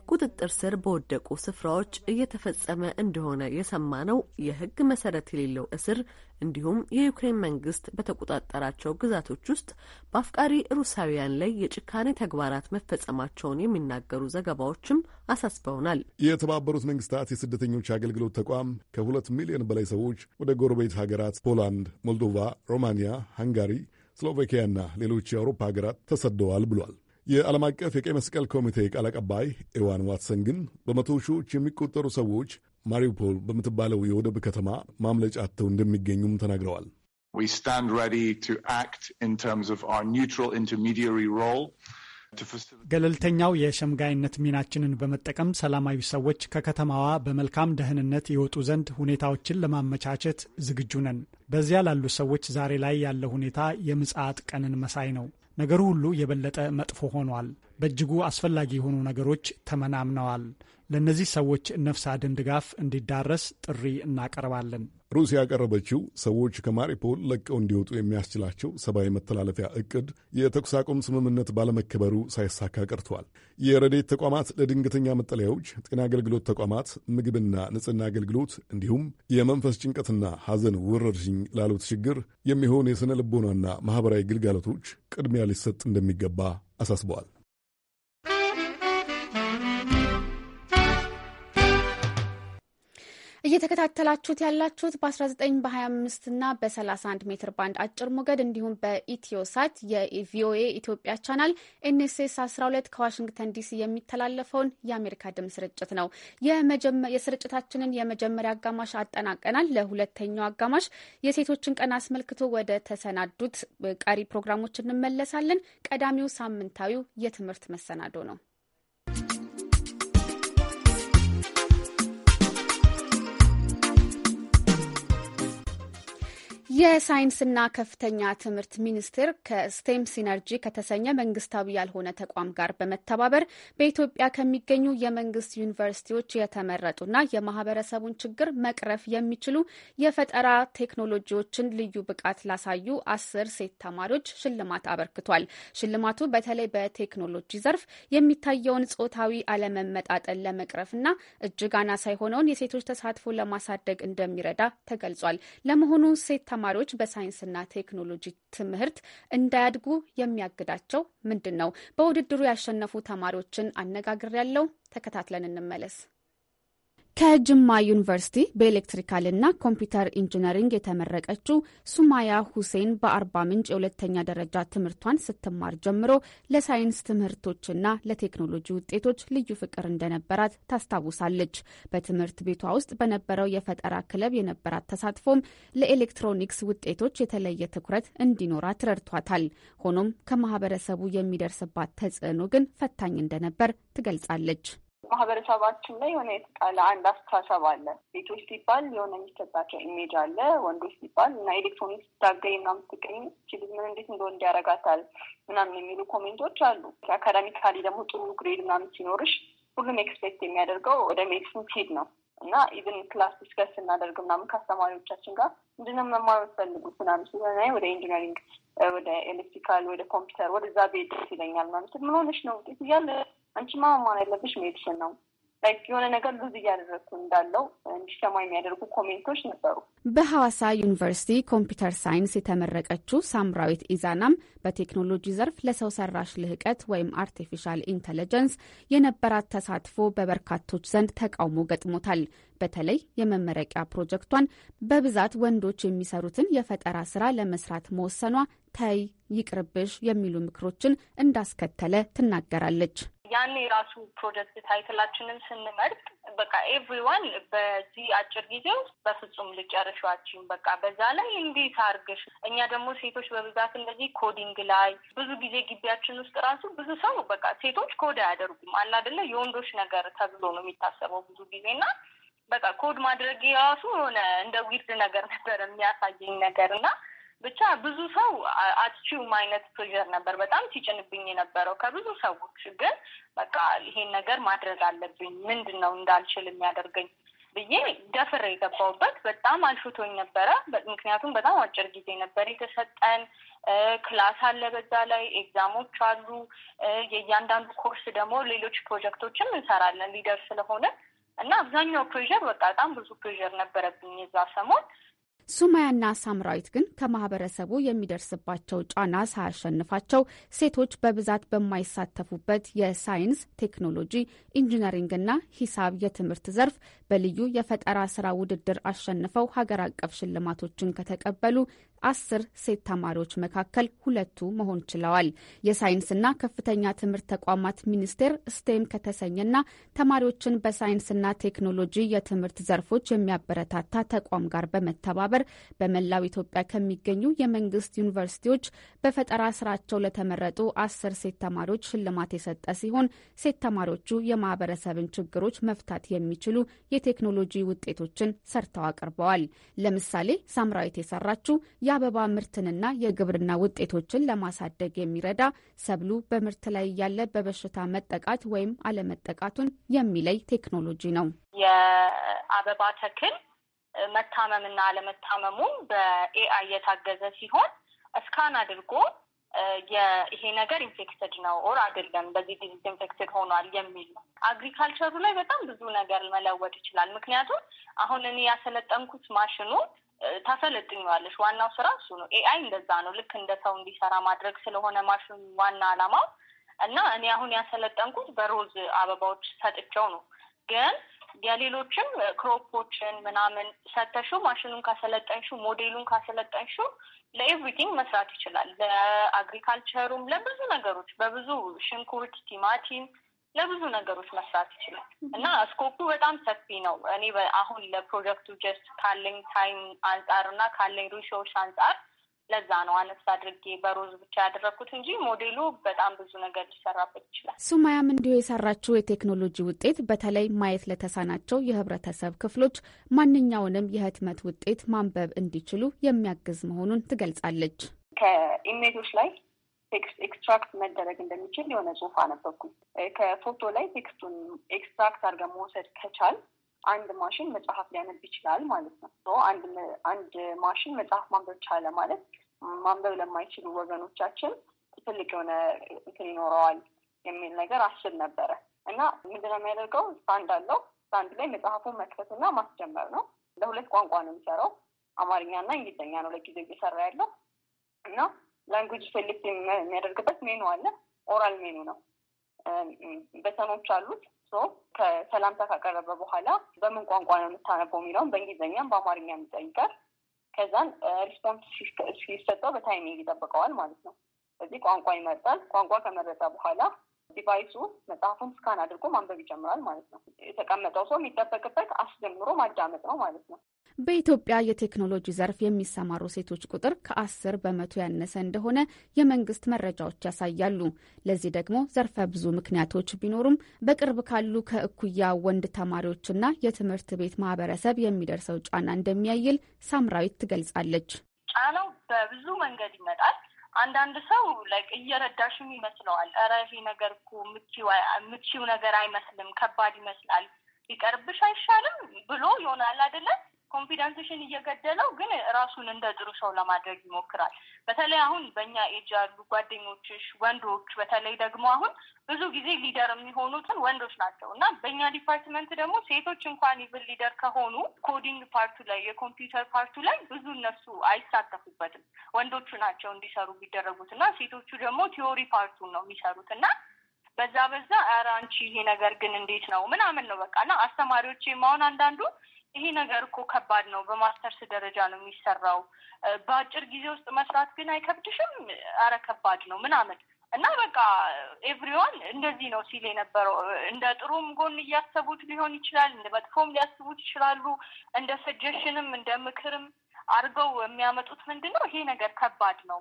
ቁጥጥር ስር በወደቁ ስፍራዎች እየተፈጸመ እንደሆነ የሰማነው የህግ መሰረት የሌለው እስር እንዲሁም የዩክሬን መንግስት በተቆጣጠራቸው ግዛቶች ውስጥ በአፍቃሪ ሩሳውያን ላይ የጭካኔ ተግባራት መፈጸማቸውን የሚናገሩ ዘገባዎችም አሳስበውናል። የተባበሩት መንግስታት የስደተኞች አገልግሎት ተቋም ከሁለት ሚሊዮን በላይ ሰዎች ወደ ጎረቤት ሀገራት ፖላንድ፣ ሞልዶቫ፣ ሮማንያ፣ ሃንጋሪ ስሎቫኪያና ሌሎች የአውሮፓ ሀገራት ተሰደዋል ብሏል። የዓለም አቀፍ የቀይ መስቀል ኮሚቴ ቃል አቀባይ ኤዋን ዋትሰን ግን በመቶ ሺዎች የሚቆጠሩ ሰዎች ማሪውፖል በምትባለው የወደብ ከተማ ማምለጫ አጥተው እንደሚገኙም ተናግረዋል። ገለልተኛው የሸምጋይነት ሚናችንን በመጠቀም ሰላማዊ ሰዎች ከከተማዋ በመልካም ደህንነት የወጡ ዘንድ ሁኔታዎችን ለማመቻቸት ዝግጁ ነን። በዚያ ላሉ ሰዎች ዛሬ ላይ ያለው ሁኔታ የምጽአት ቀንን መሳይ ነው። ነገሩ ሁሉ የበለጠ መጥፎ ሆኗል። በእጅጉ አስፈላጊ የሆኑ ነገሮች ተመናምነዋል። ለእነዚህ ሰዎች ነፍስ አድን ድጋፍ እንዲዳረስ ጥሪ እናቀርባለን። ሩሲያ ያቀረበችው ሰዎች ከማሪፖል ለቀው እንዲወጡ የሚያስችላቸው ሰብአዊ መተላለፊያ እቅድ የተኩስ አቁም ስምምነት ባለመከበሩ ሳይሳካ ቀርቷል። የረዴት ተቋማት ለድንገተኛ መጠለያዎች፣ ጤና አገልግሎት ተቋማት፣ ምግብና ንጽህና አገልግሎት እንዲሁም የመንፈስ ጭንቀትና ሐዘን ወረርሽኝ ላሉት ችግር የሚሆን የሥነ ልቦናና ማኅበራዊ ግልጋሎቶች ቅድሚያ ሊሰጥ እንደሚገባ አሳስበዋል። እየተከታተላችሁት ያላችሁት በ19 በ25 እና በ31 ሜትር ባንድ አጭር ሞገድ እንዲሁም በኢትዮሳት የቪኦኤ ኢትዮጵያ ቻናል ኤንኤስኤስ 12 ከዋሽንግተን ዲሲ የሚተላለፈውን የአሜሪካ ድምፅ ስርጭት ነው። የስርጭታችንን የመጀመሪያ አጋማሽ አጠናቀናል። ለሁለተኛው አጋማሽ የሴቶችን ቀን አስመልክቶ ወደ ተሰናዱት ቀሪ ፕሮግራሞች እንመለሳለን። ቀዳሚው ሳምንታዊው የትምህርት መሰናዶ ነው። የሳይንስና ከፍተኛ ትምህርት ሚኒስቴር ከስቴም ሲነርጂ ከተሰኘ መንግስታዊ ያልሆነ ተቋም ጋር በመተባበር በኢትዮጵያ ከሚገኙ የመንግስት ዩኒቨርሲቲዎች የተመረጡና የማህበረሰቡን ችግር መቅረፍ የሚችሉ የፈጠራ ቴክኖሎጂዎችን ልዩ ብቃት ላሳዩ አስር ሴት ተማሪዎች ሽልማት አበርክቷል። ሽልማቱ በተለይ በቴክኖሎጂ ዘርፍ የሚታየውን ጾታዊ አለመመጣጠን ለመቅረፍና እጅግ አናሳ የሆነውን የሴቶች ተሳትፎ ለማሳደግ እንደሚረዳ ተገልጿል። ለመሆኑ ሴት ተማሪዎች በሳይንስና ቴክኖሎጂ ትምህርት እንዳያድጉ የሚያግዳቸው ምንድን ነው? በውድድሩ ያሸነፉ ተማሪዎችን አነጋግሬያለሁ። ተከታትለን እንመለስ። ከጅማ ዩኒቨርሲቲ በኤሌክትሪካልና ኮምፒውተር ኢንጂነሪንግ የተመረቀችው ሱማያ ሁሴን በአርባ ምንጭ የሁለተኛ ደረጃ ትምህርቷን ስትማር ጀምሮ ለሳይንስ ትምህርቶችና ለቴክኖሎጂ ውጤቶች ልዩ ፍቅር እንደነበራት ታስታውሳለች። በትምህርት ቤቷ ውስጥ በነበረው የፈጠራ ክለብ የነበራት ተሳትፎም ለኤሌክትሮኒክስ ውጤቶች የተለየ ትኩረት እንዲኖራት ረድቷታል። ሆኖም ከማህበረሰቡ የሚደርስባት ተጽዕኖ ግን ፈታኝ እንደነበር ትገልጻለች። ማህበረሰባችን ላይ የሆነ የተጣለ አንድ አስተሳሰብ አለ። ሴቶች ሲባል የሆነ የሚሰጣቸው ኢሜጅ አለ። ወንዶች ሲባል እና ኤሌክትሮኒክስ ስታገኝ እና ስትገኝ ችልዝ ምን እንዴት እንደሆነ እንዲያረጋታል ምናምን የሚሉ ኮሜንቶች አሉ። አካዳሚካሊ ደግሞ ጥሩ ግሬድ ምናምን ሲኖርሽ ሁሉም ኤክስፔክት የሚያደርገው ወደ ሜዲሲን ሲሄድ ነው እና ኢቨን ክላስ ዲስከስ ስናደርግ ምናምን ከአስተማሪዎቻችን ጋር ምንድነው መማር የምትፈልጉት ምናምን ሲሆነ ወደ ኢንጂነሪንግ፣ ወደ ኤሌክትሪካል፣ ወደ ኮምፒውተር ወደዛ ቤት ይለኛል ማለት ምን ሆነሽ ነው ውጤት እያለ አንቺ ማማን ያለብሽ ሜዲሽን ነው የሆነ ነገር ብዙ እያደረግኩ እንዳለው እንዲሰማ የሚያደርጉ ኮሜንቶች ነበሩ። በሐዋሳ ዩኒቨርሲቲ ኮምፒውተር ሳይንስ የተመረቀችው ሳምራዊት ኢዛናም በቴክኖሎጂ ዘርፍ ለሰው ሰራሽ ልህቀት ወይም አርቲፊሻል ኢንተለጀንስ የነበራት ተሳትፎ በበርካቶች ዘንድ ተቃውሞ ገጥሞታል። በተለይ የመመረቂያ ፕሮጀክቷን በብዛት ወንዶች የሚሰሩትን የፈጠራ ስራ ለመስራት መወሰኗ ተይ ይቅርብሽ የሚሉ ምክሮችን እንዳስከተለ ትናገራለች። ያኔ የራሱ ፕሮጀክት ታይትላችንን ስንመርጥ በቃ ኤቭሪዋን በዚህ አጭር ጊዜ ውስጥ በፍጹም ልጨርሻችን በቃ በዛ ላይ እንዴት አርግሽ። እኛ ደግሞ ሴቶች በብዛት እንደዚህ ኮዲንግ ላይ ብዙ ጊዜ ግቢያችን ውስጥ ራሱ ብዙ ሰው በቃ ሴቶች ኮድ አያደርጉም አለ አደለ የወንዶች ነገር ተብሎ ነው የሚታሰበው ብዙ ጊዜ ና በቃ ኮድ ማድረግ የራሱ የሆነ እንደ ዊርድ ነገር ነበር የሚያሳየኝ ነገር እና ብቻ ብዙ ሰው አትችውም አይነት ፕሬዠር ነበር በጣም ሲጭንብኝ የነበረው ከብዙ ሰዎች። ግን በቃ ይሄን ነገር ማድረግ አለብኝ፣ ምንድን ነው እንዳልችል የሚያደርገኝ ብዬ ደፍር የገባውበት በጣም አልሽቶኝ ነበረ። ምክንያቱም በጣም አጭር ጊዜ ነበር የተሰጠን። ክላስ አለ፣ በዛ ላይ ኤግዛሞች አሉ። የእያንዳንዱ ኮርስ ደግሞ ሌሎች ፕሮጀክቶችም እንሰራለን ሊደር ስለሆነ እና አብዛኛው ፕሬዠር በቃ በጣም ብዙ ፕሬዠር ነበረብኝ የዛ ሰሞን ሱማያና ሳምራዊት ግን ከማህበረሰቡ የሚደርስባቸው ጫና ሳያሸንፋቸው ሴቶች በብዛት በማይሳተፉበት የሳይንስ ቴክኖሎጂ፣ ኢንጂነሪንግና ሂሳብ የትምህርት ዘርፍ በልዩ የፈጠራ ስራ ውድድር አሸንፈው ሀገር አቀፍ ሽልማቶችን ከተቀበሉ አስር ሴት ተማሪዎች መካከል ሁለቱ መሆን ችለዋል። የሳይንስና ከፍተኛ ትምህርት ተቋማት ሚኒስቴር ስቴም ከተሰኘና ተማሪዎችን በሳይንስና ቴክኖሎጂ የትምህርት ዘርፎች የሚያበረታታ ተቋም ጋር በመተባበር በመላው ኢትዮጵያ ከሚገኙ የመንግስት ዩኒቨርሲቲዎች በፈጠራ ስራቸው ለተመረጡ አስር ሴት ተማሪዎች ሽልማት የሰጠ ሲሆን ሴት ተማሪዎቹ የማህበረሰብን ችግሮች መፍታት የሚችሉ የቴክኖሎጂ ውጤቶችን ሰርተው አቅርበዋል። ለምሳሌ ሳምራዊት የሰራችው የአበባ ምርትንና የግብርና ውጤቶችን ለማሳደግ የሚረዳ ሰብሉ በምርት ላይ ያለ በበሽታ መጠቃት ወይም አለመጠቃቱን የሚለይ ቴክኖሎጂ ነው። የአበባ ተክል መታመምና አለመታመሙ በኤአይ የታገዘ ሲሆን እስካን አድርጎ ይሄ ነገር ኢንፌክትድ ነው ኦር አይደለም፣ በዚህ ዲዚዝ ኢንፌክትድ ሆኗል የሚል ነው። አግሪካልቸሩ ላይ በጣም ብዙ ነገር መለወጥ ይችላል። ምክንያቱም አሁን እኔ ያሰለጠንኩት ማሽኑ ታሰለጥኛዋለሽ። ዋናው ስራ እሱ ነው። ኤአይ እንደዛ ነው። ልክ እንደ ሰው እንዲሰራ ማድረግ ስለሆነ ማሽኑ ዋና አላማው እና እኔ አሁን ያሰለጠንኩት በሮዝ አበባዎች ሰጥቸው ነው። ግን የሌሎችም ክሮፖችን ምናምን ሰተሹ ማሽኑን ካሰለጠንሹ፣ ሞዴሉን ካሰለጠንሹ ለኤቭሪቲንግ መስራት ይችላል። ለአግሪካልቸሩም፣ ለብዙ ነገሮች በብዙ ሽንኩርት፣ ቲማቲም ለብዙ ነገሮች መስራት ይችላል እና ስኮፑ በጣም ሰፊ ነው። እኔ አሁን ለፕሮጀክቱ ጀስት ካለኝ ታይም አንጻር እና ካለኝ ሪሶርስ አንጻር ለዛ ነው አነስ አድርጌ በሮዝ ብቻ ያደረግኩት እንጂ ሞዴሉ በጣም ብዙ ነገር ሊሰራበት ይችላል። ሱማያም እንዲሁ የሰራችው የቴክኖሎጂ ውጤት በተለይ ማየት ለተሳናቸው የህብረተሰብ ክፍሎች ማንኛውንም የህትመት ውጤት ማንበብ እንዲችሉ የሚያግዝ መሆኑን ትገልጻለች። ከኢሜቶች ላይ ኤክስትራክት መደረግ እንደሚችል የሆነ ጽሁፍ አነበብኩኝ። ከፎቶ ላይ ቴክስቱን ኤክስትራክት አድርገን መውሰድ ከቻል አንድ ማሽን መጽሐፍ ሊያነብ ይችላል ማለት ነው። አንድ ማሽን መጽሐፍ ማንበብ ቻለ ማለት ማንበብ ለማይችሉ ወገኖቻችን ትልቅ የሆነ እንትን ይኖረዋል የሚል ነገር አስብ ነበረ እና ምንድነው የሚያደርገው ስታንድ አለው። ስታንድ ላይ መጽሐፉን መክፈትና ማስጀመር ነው። ለሁለት ቋንቋ ነው የሚሰራው፣ አማርኛና እንግሊዝኛ ነው ለጊዜው እየሰራ ያለው እና ላንጉጅ ፈልግ የሚያደርግበት ሜኑ አለ። ኦራል ሜኑ ነው። በተኖች አሉት። ከሰላምታ ካቀረበ በኋላ በምን ቋንቋ ነው የምታነበው የሚለውን በእንግሊዝኛም በአማርኛ የሚጠይቃል። ከዛን ሪስፖንስ ሲሰጠው በታይሚንግ ይጠብቀዋል ማለት ነው። ስለዚህ ቋንቋ ይመርጣል። ቋንቋ ከመረጠ በኋላ ዲቫይሱ መጽሐፉን ስካን አድርጎ ማንበብ ይጀምራል ማለት ነው። የተቀመጠው ሰው የሚጠበቅበት አስጀምሮ ማዳመጥ ነው ማለት ነው። በኢትዮጵያ የቴክኖሎጂ ዘርፍ የሚሰማሩ ሴቶች ቁጥር ከአስር በመቶ ያነሰ እንደሆነ የመንግስት መረጃዎች ያሳያሉ። ለዚህ ደግሞ ዘርፈ ብዙ ምክንያቶች ቢኖሩም በቅርብ ካሉ ከእኩያ ወንድ ተማሪዎችና የትምህርት ቤት ማህበረሰብ የሚደርሰው ጫና እንደሚያይል ሳምራዊት ትገልጻለች። ጫናው በብዙ መንገድ ይመጣል። አንዳንድ ሰው ላይክ እየረዳሽም ይመስለዋል። ኧረ ይሄ ነገር እኮ ምቺው ነገር አይመስልም፣ ከባድ ይመስላል፣ ሊቀርብሽ አይሻልም ብሎ ይሆናል አይደለም ኮንፊደንስሽን እየገደለው ግን ራሱን እንደ ጥሩ ሰው ለማድረግ ይሞክራል። በተለይ አሁን በእኛ ኤጅ ያሉ ጓደኞችሽ ወንዶች፣ በተለይ ደግሞ አሁን ብዙ ጊዜ ሊደር የሚሆኑትን ወንዶች ናቸው እና በእኛ ዲፓርትመንት ደግሞ ሴቶች እንኳን ይብል ሊደር ከሆኑ ኮዲንግ ፓርቱ ላይ የኮምፒውተር ፓርቱ ላይ ብዙ እነሱ አይሳተፉበትም። ወንዶቹ ናቸው እንዲሰሩ የሚደረጉት እና ሴቶቹ ደግሞ ቲዮሪ ፓርቱን ነው የሚሰሩት እና በዛ በዛ ኧረ አንቺ ይሄ ነገር ግን እንዴት ነው ምናምን ነው በቃ እና አስተማሪዎች አሁን አንዳንዱ ይሄ ነገር እኮ ከባድ ነው። በማስተርስ ደረጃ ነው የሚሰራው። በአጭር ጊዜ ውስጥ መስራት ግን አይከብድሽም? አረ ከባድ ነው ምናምን እና በቃ ኤቭሪዋን እንደዚህ ነው ሲል የነበረው። እንደ ጥሩም ጎን እያሰቡት ሊሆን ይችላል፣ እንደ መጥፎም ሊያስቡት ይችላሉ። እንደ ሰጀሽንም እንደ ምክርም አድርገው የሚያመጡት ምንድን ነው፣ ይሄ ነገር ከባድ ነው፣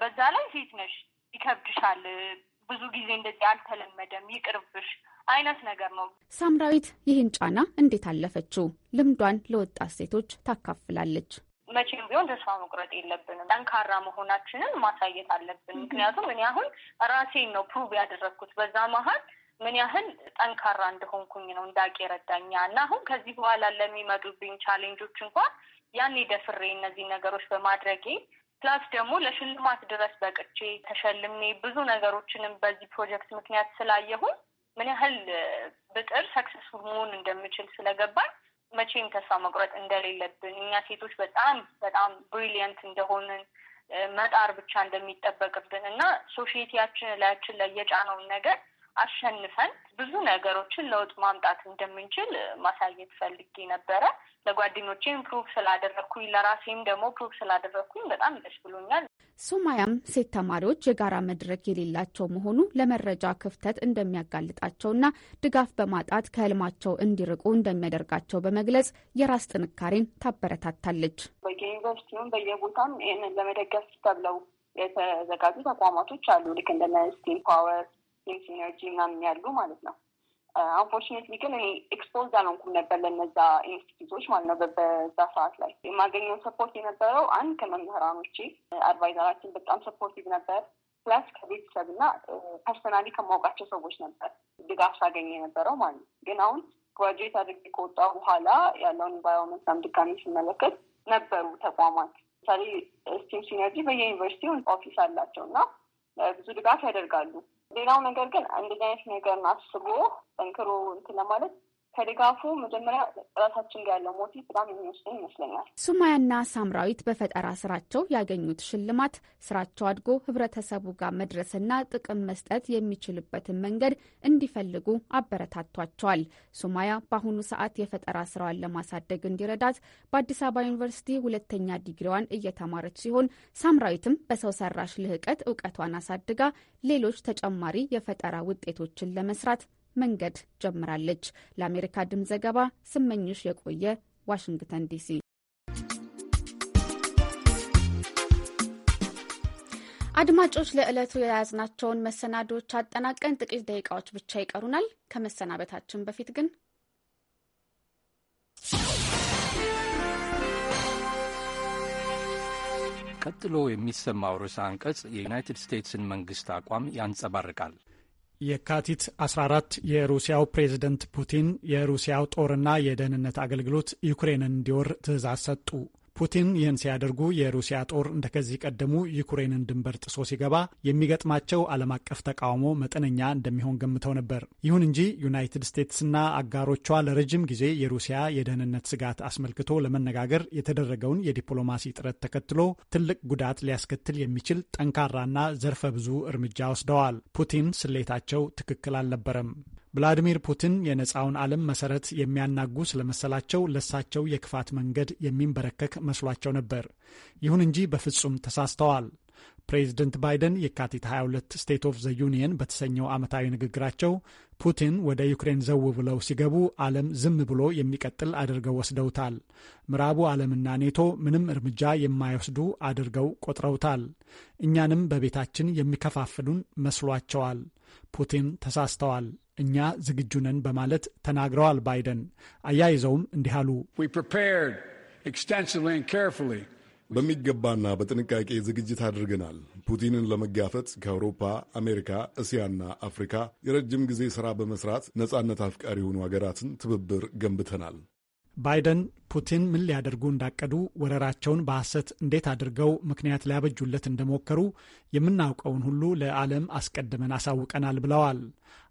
በዛ ላይ ሴት ነሽ፣ ይከብድሻል፣ ብዙ ጊዜ እንደዚህ አልተለመደም፣ ይቅርብሽ አይነት ነገር ነው። ሳምራዊት ይህን ጫና እንዴት አለፈችው? ልምዷን ለወጣት ሴቶች ታካፍላለች። መቼም ቢሆን ተስፋ መቁረጥ የለብንም። ጠንካራ መሆናችንን ማሳየት አለብን። ምክንያቱም እኔ አሁን ራሴን ነው ፕሩቭ ያደረግኩት በዛ መሀል ምን ያህል ጠንካራ እንደሆንኩኝ ነው እንዳቅ የረዳኛ እና አሁን ከዚህ በኋላ ለሚመጡብኝ ቻሌንጆች እንኳን ያኔ ደፍሬ እነዚህ ነገሮች በማድረጌ ፕላስ ደግሞ ለሽልማት ድረስ በቅቼ ተሸልሜ ብዙ ነገሮችንም በዚህ ፕሮጀክት ምክንያት ስላየሁን ምን ያህል ብጥር ሰክሰስፉል መሆን እንደምችል ስለገባኝ መቼም ተስፋ መቁረጥ እንደሌለብን እኛ ሴቶች በጣም በጣም ብሪሊየንት እንደሆንን መጣር ብቻ እንደሚጠበቅብን እና ሶሽቲያችን ላያችን ላይ የጫነውን ነገር አሸንፈን ብዙ ነገሮችን ለውጥ ማምጣት እንደምንችል ማሳየት ፈልጌ ነበረ። ለጓደኞቼም ፕሩቭ ስላደረግኩኝ፣ ለራሴም ደግሞ ፕሩቭ ስላደረግኩኝ በጣም ደስ ብሎኛል። ሶማያም ሴት ተማሪዎች የጋራ መድረክ የሌላቸው መሆኑ ለመረጃ ክፍተት እንደሚያጋልጣቸውና ድጋፍ በማጣት ከህልማቸው እንዲርቁ እንደሚያደርጋቸው በመግለጽ የራስ ጥንካሬን ታበረታታለች። በየዩኒቨርሲቲውም በየቦታም ይህንን ለመደገፍ ተብለው የተዘጋጁ ተቋማቶች አሉ። ልክ እንደነ ስቲም ፓወር፣ ሲነርጂ ምናምን ያሉ ማለት ነው። አንፎርቹኔትሊ uh, ግን እኔ ኤክስፖዝ አልሆንኩም ነበር ለነዛ ኢንስቲትዩቶች ማለት ነው። በዛ ሰዓት ላይ የማገኘው ሰፖርት የነበረው አንድ ከመምህራኖቼ uh, አድቫይዘራችን በጣም ሰፖርቲቭ ነበር። ፕላስ ከቤተሰብ እና ፐርሰናሊ uh, ከማውቃቸው ሰዎች ነበር ድጋፍ ሳገኘ የነበረው ማለት ነው። ግን አሁን ግራጁዌት አድርጌ ከወጣ በኋላ ያለውን ኢንቫይሮንመንት ድጋሚ ስመለከት ነበሩ ተቋማት ለምሳሌ ስቲም ሲነርጂ በየዩኒቨርሲቲው ኦፊስ አላቸው እና ብዙ ድጋፍ ያደርጋሉ ሌላው ነገር ግን እንደዚህ አይነት ነገር አስቦ ጠንክሮ እንትን ለማለት ከድጋፉ መጀመሪያ ራሳችን ጋር ያለው ሞቲቭ በጣም የሚወስደን ይመስለኛል። ሱማያና ሳምራዊት በፈጠራ ስራቸው ያገኙት ሽልማት ስራቸው አድጎ ህብረተሰቡ ጋር መድረስና ጥቅም መስጠት የሚችልበትን መንገድ እንዲፈልጉ አበረታቷቸዋል። ሱማያ በአሁኑ ሰዓት የፈጠራ ስራዋን ለማሳደግ እንዲረዳት በአዲስ አበባ ዩኒቨርሲቲ ሁለተኛ ዲግሪዋን እየተማረች ሲሆን፣ ሳምራዊትም በሰው ሰራሽ ልህቀት እውቀቷን አሳድጋ ሌሎች ተጨማሪ የፈጠራ ውጤቶችን ለመስራት መንገድ ጀምራለች። ለአሜሪካ ድምፅ ዘገባ ስመኝሽ የቆየ ዋሽንግተን ዲሲ። አድማጮች ለዕለቱ የያዝናቸውን መሰናዶዎች አጠናቀን ጥቂት ደቂቃዎች ብቻ ይቀሩናል። ከመሰናበታችን በፊት ግን ቀጥሎ የሚሰማው ርዕሰ አንቀጽ የዩናይትድ ስቴትስን መንግስት አቋም ያንጸባርቃል። የካቲት 14 የሩሲያው ፕሬዝደንት ፑቲን የሩሲያው ጦርና የደህንነት አገልግሎት ዩክሬንን እንዲወር ትእዛዝ ሰጡ። ፑቲን ይህን ሲያደርጉ የሩሲያ ጦር እንደከዚህ ቀደሙ ዩክሬንን ድንበር ጥሶ ሲገባ የሚገጥማቸው ዓለም አቀፍ ተቃውሞ መጠነኛ እንደሚሆን ገምተው ነበር። ይሁን እንጂ ዩናይትድ ስቴትስና አጋሮቿ ለረጅም ጊዜ የሩሲያ የደህንነት ስጋት አስመልክቶ ለመነጋገር የተደረገውን የዲፕሎማሲ ጥረት ተከትሎ ትልቅ ጉዳት ሊያስከትል የሚችል ጠንካራና ዘርፈ ብዙ እርምጃ ወስደዋል። ፑቲን ስሌታቸው ትክክል አልነበረም። ቭላዲሚር ፑቲን የነፃውን ዓለም መሰረት የሚያናጉ ስለመሰላቸው ለሳቸው የክፋት መንገድ የሚንበረከክ መስሏቸው ነበር። ይሁን እንጂ በፍጹም ተሳስተዋል። ፕሬዚደንት ባይደን የካቲት 22 ስቴት ኦፍ ዘ ዩኒየን በተሰኘው ዓመታዊ ንግግራቸው ፑቲን ወደ ዩክሬን ዘው ብለው ሲገቡ ዓለም ዝም ብሎ የሚቀጥል አድርገው ወስደውታል። ምዕራቡ ዓለምና ኔቶ ምንም እርምጃ የማይወስዱ አድርገው ቆጥረውታል። እኛንም በቤታችን የሚከፋፍሉን መስሏቸዋል። ፑቲን ተሳስተዋል። እኛ ዝግጁ ነን በማለት ተናግረዋል ባይደን። አያይዘውም እንዲህ አሉ። በሚገባና በጥንቃቄ ዝግጅት አድርገናል። ፑቲንን ለመጋፈጥ ከአውሮፓ፣ አሜሪካ፣ እስያና አፍሪካ የረጅም ጊዜ ሥራ በመስራት ነጻነት አፍቃሪ የሆኑ ሀገራትን ትብብር ገንብተናል። ባይደን ፑቲን ምን ሊያደርጉ እንዳቀዱ፣ ወረራቸውን በሐሰት እንዴት አድርገው ምክንያት ሊያበጁለት እንደሞከሩ የምናውቀውን ሁሉ ለዓለም አስቀድመን አሳውቀናል ብለዋል።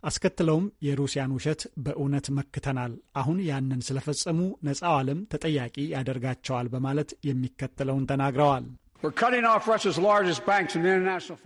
አስከትለውም የሩሲያን ውሸት በእውነት መክተናል፣ አሁን ያንን ስለፈጸሙ ነፃው ዓለም ተጠያቂ ያደርጋቸዋል በማለት የሚከተለውን ተናግረዋል።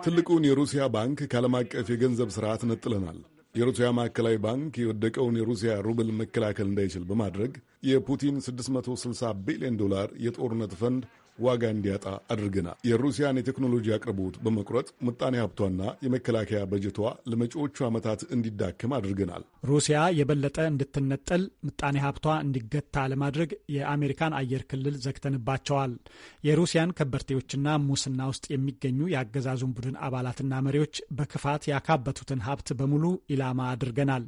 ትልቁን የሩሲያ ባንክ ከዓለም አቀፍ የገንዘብ ስርዓት ነጥለናል። የሩሲያ ማዕከላዊ ባንክ የወደቀውን የሩሲያ ሩብል መከላከል እንዳይችል በማድረግ የፑቲን 660 ቢሊዮን ዶላር የጦርነት ፈንድ ዋጋ እንዲያጣ አድርገናል። የሩሲያን የቴክኖሎጂ አቅርቦት በመቁረጥ ምጣኔ ሀብቷና የመከላከያ በጀቷ ለመጪዎቹ ዓመታት እንዲዳከም አድርገናል። ሩሲያ የበለጠ እንድትነጠል ምጣኔ ሀብቷ እንዲገታ ለማድረግ የአሜሪካን አየር ክልል ዘግተንባቸዋል። የሩሲያን ከበርቴዎችና ሙስና ውስጥ የሚገኙ የአገዛዙን ቡድን አባላትና መሪዎች በክፋት ያካበቱትን ሀብት በሙሉ ኢላማ አድርገናል።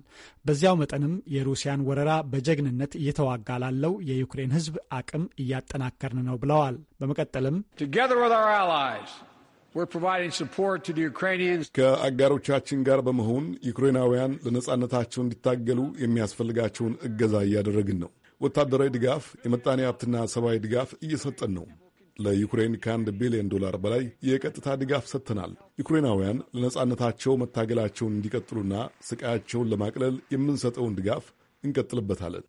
በዚያው መጠንም የሩሲያን ወረራ በጀግንነት እየተዋጋ ላለው የዩክሬን ሕዝብ አቅም እያጠናከርን ነው ብለዋል። በመቀጠልም ከአጋሮቻችን ጋር በመሆን ዩክሬናውያን ለነጻነታቸው እንዲታገሉ የሚያስፈልጋቸውን እገዛ እያደረግን ነው። ወታደራዊ ድጋፍ፣ የመጣኔ ሀብትና ሰብአዊ ድጋፍ እየሰጠን ነው። ለዩክሬን ከአንድ ቢሊዮን ዶላር በላይ የቀጥታ ድጋፍ ሰጥተናል። ዩክሬናውያን ለነጻነታቸው መታገላቸውን እንዲቀጥሉና ስቃያቸውን ለማቅለል የምንሰጠውን ድጋፍ እንቀጥልበታለን።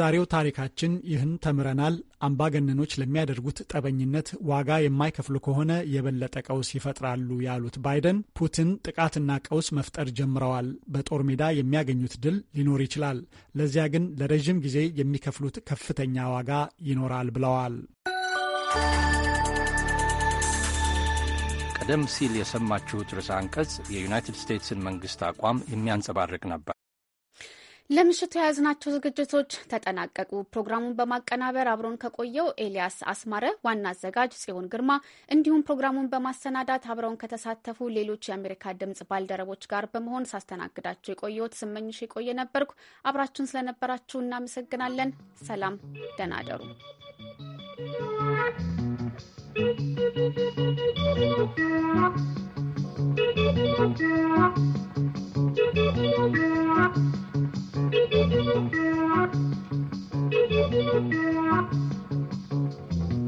ዛሬው ታሪካችን ይህን ተምረናል። አምባገነኖች ለሚያደርጉት ጠበኝነት ዋጋ የማይከፍሉ ከሆነ የበለጠ ቀውስ ይፈጥራሉ ያሉት ባይደን ፑቲን ጥቃትና ቀውስ መፍጠር ጀምረዋል። በጦር ሜዳ የሚያገኙት ድል ሊኖር ይችላል። ለዚያ ግን ለረዥም ጊዜ የሚከፍሉት ከፍተኛ ዋጋ ይኖራል ብለዋል። ቀደም ሲል የሰማችሁት ርዕሰ አንቀጽ የዩናይትድ ስቴትስን መንግስት አቋም የሚያንጸባርቅ ነበር። ለምሽቱ የያዝናቸው ዝግጅቶች ተጠናቀቁ። ፕሮግራሙን በማቀናበር አብሮን ከቆየው ኤልያስ አስማረ፣ ዋና አዘጋጅ ጽዮን ግርማ እንዲሁም ፕሮግራሙን በማሰናዳት አብረውን ከተሳተፉ ሌሎች የአሜሪካ ድምጽ ባልደረቦች ጋር በመሆን ሳስተናግዳቸው የቆየሁት ስመኝሽ የቆየ ነበርኩ። አብራችሁን ስለነበራችሁ እናመሰግናለን። ሰላም፣ ደህና አደሩ። Thank you.